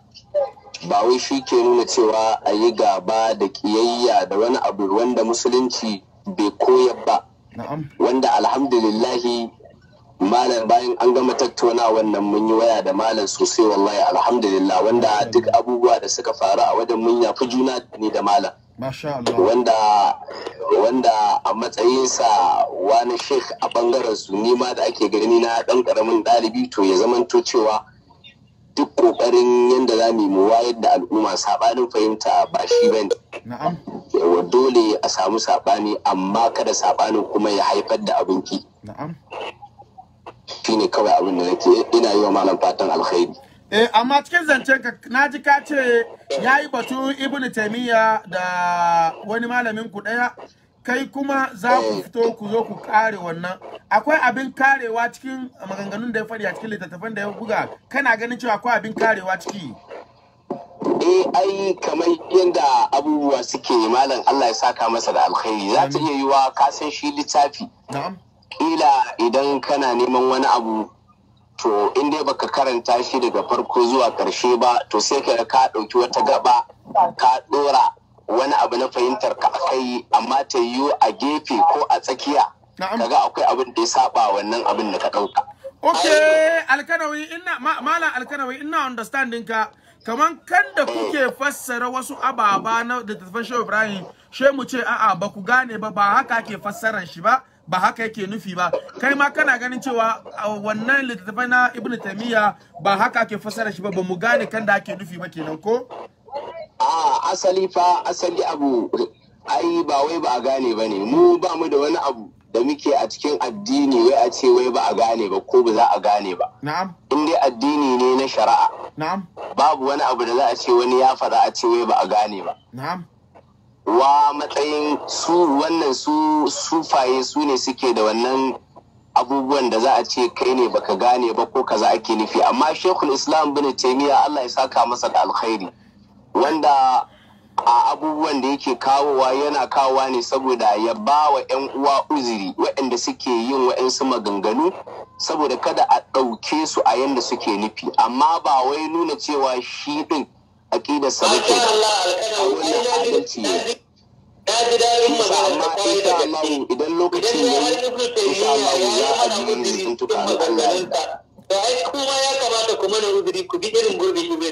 ba wai shi ke nuna cewa a yi gaba da kiyayya da wani abu wanda musulunci bai koya ba wanda alhamdulillahi malam bayan an gama tattauna wannan mun yi waya da malam sosai wallahi alhamdulillah wanda duk abubuwa da suka faru a wajen mun yafi juna ne da malam wanda wanda a matsayinsa wani sheikh a bangaren su nima da ake gani na dan karamin ɗalibi to ya zamanto cewa duk kokarin yadda za mu yi wayar da al'umma saɓanin fahimta ba shi ba ne. Yawa dole a samu saɓani, amma kada saɓanin kuma ya haifar da abinki. Shi ne kawai abin da nake ina yi wa malam fatan alkhairi. Eh, amma cikin zancen ka na ji ka ce ya yi batu ibnu taimiyya da wani malamin ku ɗaya kai kuma za ku eh. fito ku zo ku kare wannan akwai abin karewa cikin maganganun da ya faɗi a cikin littattafan da ya buga kana ganin cewa akwai abin karewa ciki eh ai kamar yadda abubuwa suke malam Allah ya saka masa da alkhairi za ta iya yiwa ka san shi littafi na'am kila idan kana neman wani abu to in dai baka karanta shi daga farko zuwa karshe ba to sai ka ka dauki wata gaba ka dora wani abu na fahimtar ka akai amma ta yiwu a gefe ko a tsakiya kaga akwai abin da ya saba wannan abin da ka ɗauka. Ok, alkanawi ina mala alkanawi ina understanding ka kaman kan da eh. kuke fassara wasu ababa na littattafan Shehu Ibrahim she mu ce a'a ba ku gane ba ba haka ke fassaran shi ba ba haka yake nufi ba kai ma kana ganin cewa wannan littattafai na Ibn tamiya ba haka ke fassara shi ba ba mu gane kan da ake nufi ba kenan ko? a asali fa asali abu ai ba wai ba a gane ba ne mu ba mu da wani abu da muke a cikin addini wai a ce wai ba a gane ba ko ba za a gane ba in dai addini ne na shari'a babu wani abu da za a ce wani ya faɗa a ce wai ba a gane ba wa matsayin su wannan su sufaye su ne suke da wannan abubuwan da za a ce kai ne baka gane ba ko kaza ake nufi amma shekul islam bin taimiyya allah ya saka masa da alkhairi wanda a abubuwan da yake kawowa yana kawowa ne saboda ya ba wa 'yan uwa uziri waɗanda suke yin waɗansu maganganu saboda kada a ɗauke su a yanda suke nufi amma ba wai nuna cewa shi ɗin a wannan adalci ne amma idan lokacin ya yi insha a ji da kuma ya kamata kuma na uziri ku bi irin gurbin ibn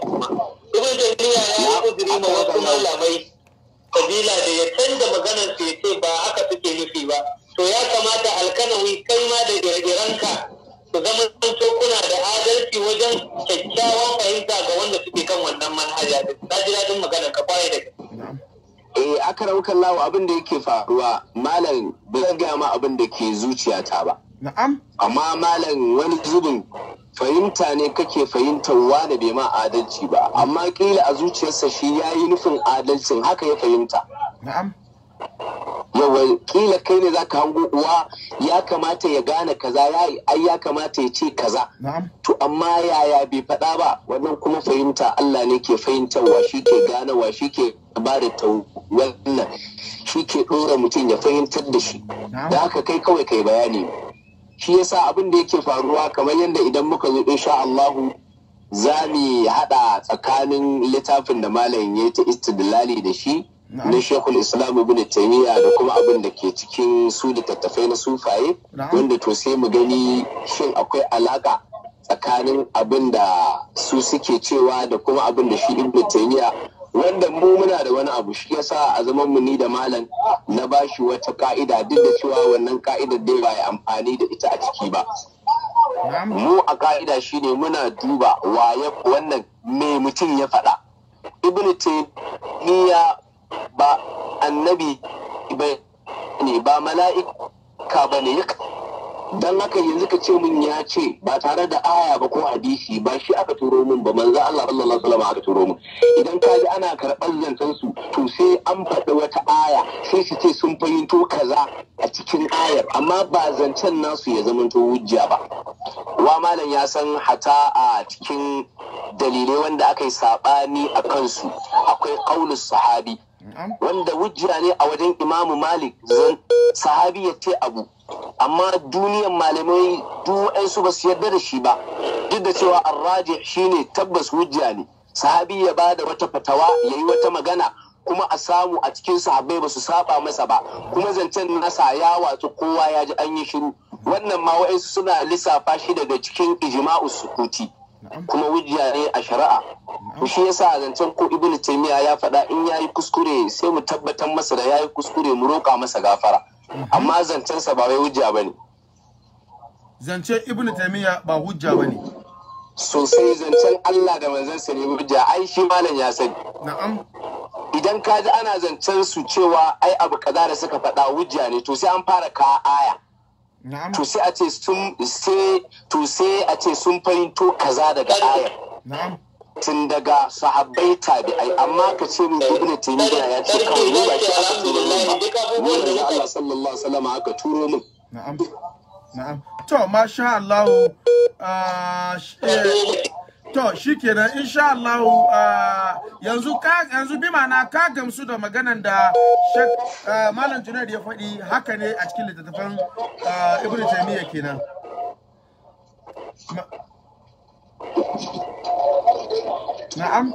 kuma da jamiya ya uzuri ma wasu malamai kabila da ya canza maganar su ce ba haka suke nufi ba to ya kamata alkanawi kai ma da ire su zama to kuna da adalci wajen kyakkyawan fahimta ga wanda suke kan wannan manhaja ta ji daɗin magana ka kwaye da Eh aka raukan lawa abin da yake faruwa malam bai gaya ma abin da ke zuciyata ba. Na'am. Amma malam wani zubin fahimta ne kake fahimtar wane bai ma adalci ba amma kila a zuciyarsa shi ya yi nufin adalcin haka ya fahimta na'am yawa kila kai ne za ka hango uwa ya kamata ya gane kaza ya ai ya kamata ya ce kaza to amma yaya bai faɗa ba wannan kuma fahimta Allah ne ke fahimtarwa shi ke gane wa shi ke ba da wannan shi ke ɗora mutum ya fahimtar da shi da haka kai kawai kai bayani shi yasa abin da yake faruwa kamar yadda idan muka zo insha Allahu za mu haɗa tsakanin littafin da malam ya ta istidlali da shi na shekul islam ibn taymiya da kuma abin da ke cikin su da tattafai na sufaye wanda to sai mu gani shin akwai alaka tsakanin abin da su suke cewa da kuma abin da shi ibn taymiya wanda mu muna da wani abu shi yasa a zaman mu ni da malam na bashi wata ka'ida duk da cewa wannan ka'idar dai ba ya amfani da ita a ciki ba mu a ka'ida shine muna duba waye wannan me mutum ya faɗa ibn taymiya ba annabi ba ne ba mala'ika ba ne dan haka yanzu ka ce min ya ce ba tare da aya ba ko hadisi ba shi aka turo min ba manzo Allah sallallahu alaihi wasallam aka turo min idan ka ji ana karɓar zantan su to sai an faɗi wata aya sai su ce sun fahimto kaza a cikin ayar amma ba zancen nasu ya zama to hujja ba wa malam ya san hata a cikin dalilai wanda aka yi saɓani a kansu akwai ƙaunin sahabi wanda wujja ne a wajen imamu malik zan sahabi ya ce abu amma duniyan malamai duk su ba su yarda da shi ba duk da cewa arraji ne tabbas wujja ne sahabi ya ba da wata fatawa ya yi wata magana kuma a samu a cikin sahabbai ba su saba masa ba kuma zancen nasa ya watsu kowa ya ji an yi shiru wannan ma wa'insu suna lissafa shi daga cikin ijma'u sukuti kuma wujiya ne a shari'a to shi yasa a zancen ko ibnu taymiya ya faɗa in yayi kuskure sai mu tabbatar masa da yayi kuskure mu roƙa masa gafara mhm. amma zancensa ba wai hujja bane zance ibnu taymiya ba hujja bane sosai zancen Allah da manzansa ne hujja ai shi malam ya sani na'am idan ka ji ana zancen su cewa ai abu kaza da suka faɗa hujja ne to sai an fara ka aya to sai a ce sun sai to sai a ce sun fahimto kaza daga ayar tun daga sahabbai tabi'ai amma ka ce min ibnu taymiya ya ce kawai ni ba shi aka turo min ba ni da Allah sallallahu alaihi wasallam aka turo min na'am na'am to masha Allah uh, eh, To shi kenan insha Allah uh, yanzu ka yanzu bi mana ka gamsu da maganan da uh, Malam Junaid ya faɗi haka ne a cikin littattafan uh, Ibn Taymiyyah kenan. Na'am?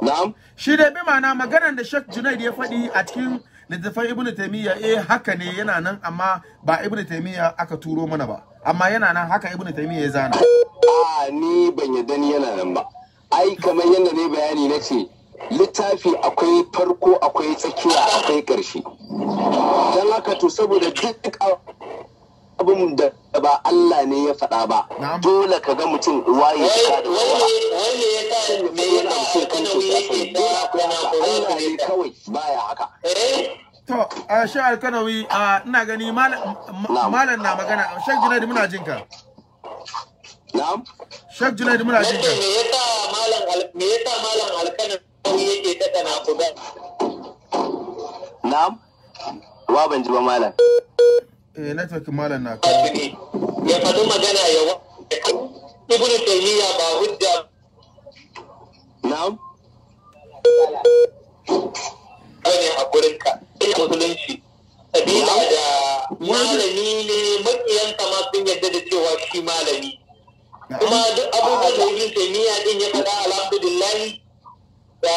Na'am? Shi da bi mana maganan da Sheikh Junaid ya faɗi a cikin littafin ibnu taimiyya eh haka ne yana nan amma ba ibnu taimiyya aka turo mana ba amma yana nan haka ibnu taimiyya ya zana a ni ban yadda ni yana nan ba ai kamar yadda ne bayani na ce littafi akwai farko akwai tsakiya akwai ƙarshe don haka to saboda duk abin da ba Allah ne ya faɗa ba dole ka ga mutum uwa ya sha da kowa wanda ya sa me ya sa kan shi sai dole akwai haka Allah ne kawai baya haka eh? to a sha alkanawi ina gani malam na magana shek junaid muna jin ka na'am shek junaid muna jin ka me yasa malam me yasa malam alkanawi yake ta tana kuga na'am wa ban ji ba malam eh network malam na kawo ya faɗi magana ya wa ibn taymiya ba hujja na'am ne a gurin ka musulunci sabila da malami ne makiyan ma sun yadda da cewa shi malami kuma duk abubuwan da ibn taymiya din ya faɗa alhamdulillah da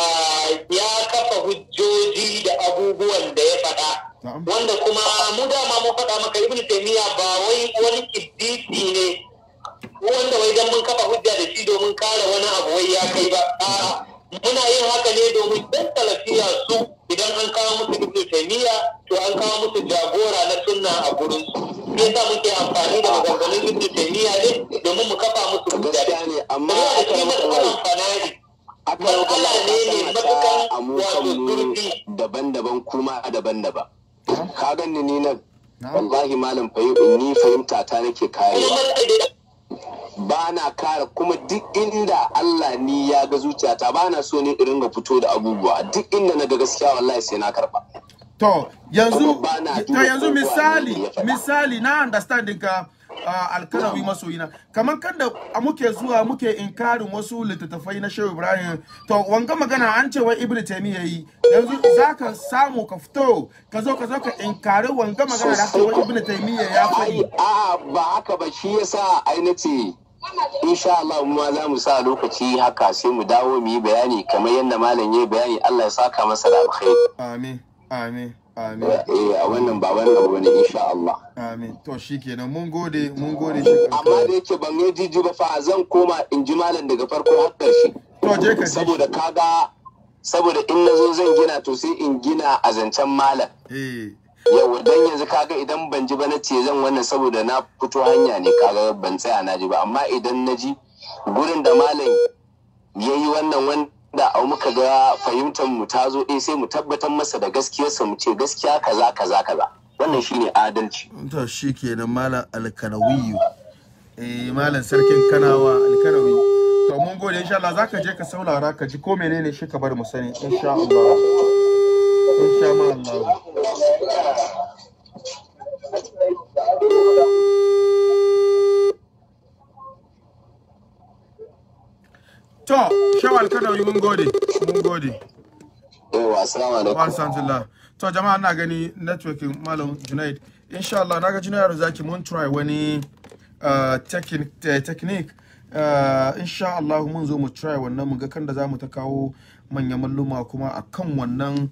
ya kafa hujjoji da abubuwan da ya faɗa wanda kuma mu dama mu faɗa maka ibn taymiya ba wai wani kiddisi ne wanda wai dan mun kafa hujja da shi domin kare wani abu wai ya kai ba a'a muna yin haka ne domin dan talafiya su idan an kawo musu ibn taymiya to an kawo musu jagora na sunna a gurin su yasa muke amfani da maganganun ibn taymiya ne domin mu kafa musu hujja ne amma a cikin matsalan fanari wani ne ne matukan wato daban-daban kuma daban-daban ka ganni ni nan wallahi malam fayyubu ni fahimta ta nake kare ba na kare kuma duk inda Allah ni ya ga zuciyata ba na so ne in ringa fito da abubuwa duk inda na ga gaskiya wallahi sai na karba to yanzu to yanzu misali misali na understanding ka alkanawi masoyina kamar kada muke zuwa muke inkarin wasu littattafai na shehu ibrahim to wanga magana an ce wai ibnu taymiya yi yanzu zaka samu ka fito ka zo ka zo ka inkari wanga magana da aka wai ibnu taymiya ya faɗi a ba haka ba shi yasa ai nace insha Allah ma za mu sa lokaci haka sai mu dawo mu yi bayani kamar yadda malam yayi bayani Allah ya saka masa da alkhairi amin amin Amin. Eh, eh wannan ba wannan abu ne insha Allah. Amin. To shikenan mun gode mun gode shi. Amma da yake ban yi jiji ba fa zan koma in ji malam daga farko har ƙarshe. To je ka saboda kaga saboda in nazo zan gina to sai in gina a zancen malam. Eh. Yau dan yanzu kaga idan ban ji ba na ce zan wannan saboda na fito hanya ne kaga ban tsaya na ji ba amma idan na ji gurin da malam yayi wannan wani da au muka ga fahimtar mu ta zo eh, sai mu tabbatar masa da gaskiyarsa mu ce gaskiya kaza kaza kaza wannan shine adalci to shikenan malam alkanawiyu eh malam sarkin kanawa alkanawi to mun gode insha Allah zaka je ka saurara ka ji ko menene shi ka bar mu sani insha Allah insha Allah To, shawal kada yi mun gode, mun gode. Eh, assalamu alaikum. Wa alhamdulillah. To jama'a ina gani networking Malam Junaid. Insha Allah naga Junaid zaki mun try wani uh, technique uh, insha Allah mun zo mu try wannan mu ga kan da zamu ta kawo manyan malluma kuma akan wannan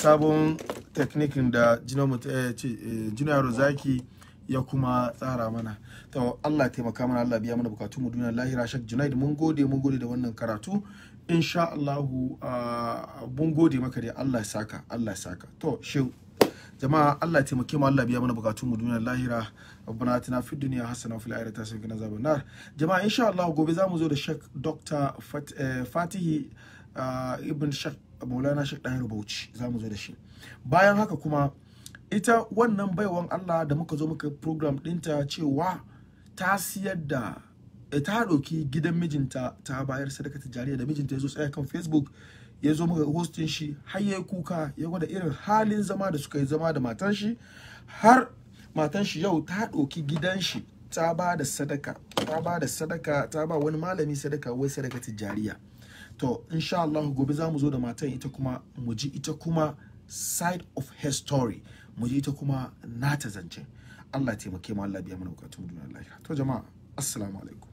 sabon technique da Junaid ce Junaid zaki ya kuma tsara mana to Allah taimaka mana Allah biya mana bukatu mu duniya lahira shak Junaid mun gode mun gode da wannan karatu insha Allah mun gode maka da Allah saka Allah saka to shehu jama'a Allah taimake mu Allah biya mana bukatu mu duniya lahira rabbana atina fid dunya hasana wa fil akhirati hasana wa qina azaban nar jama'a insha Allah gobe zamu zo da shak Dr. Eh, Fatihi ibn shak Maulana shak Dahir Bauchi zamu zo da shi bayan haka kuma ita wannan baiwan Allah da muka zo muka program ɗinta cewa ta siyar da eh, ta ɗauki gidan mijinta ta bayar sadaka ta jariya da mijinta ya zo tsaya kan facebook ya zo muka hostin shi har ya kuka ya gwada irin halin zama da suka yi zama da matan shi har matan shi yau ta ɗauki gidan shi ta ba da sadaka ta ba da sadaka ta ba wani malami sadaka wai sadaka ta jariya to insha Allah gobe za mu zo da matan ita kuma mu ji ita kuma side of her story mu ji ta kuma nata zance. Allah taimake mu Allah biya mana bukatun duniya lafiya to jama'a assalamu alaikum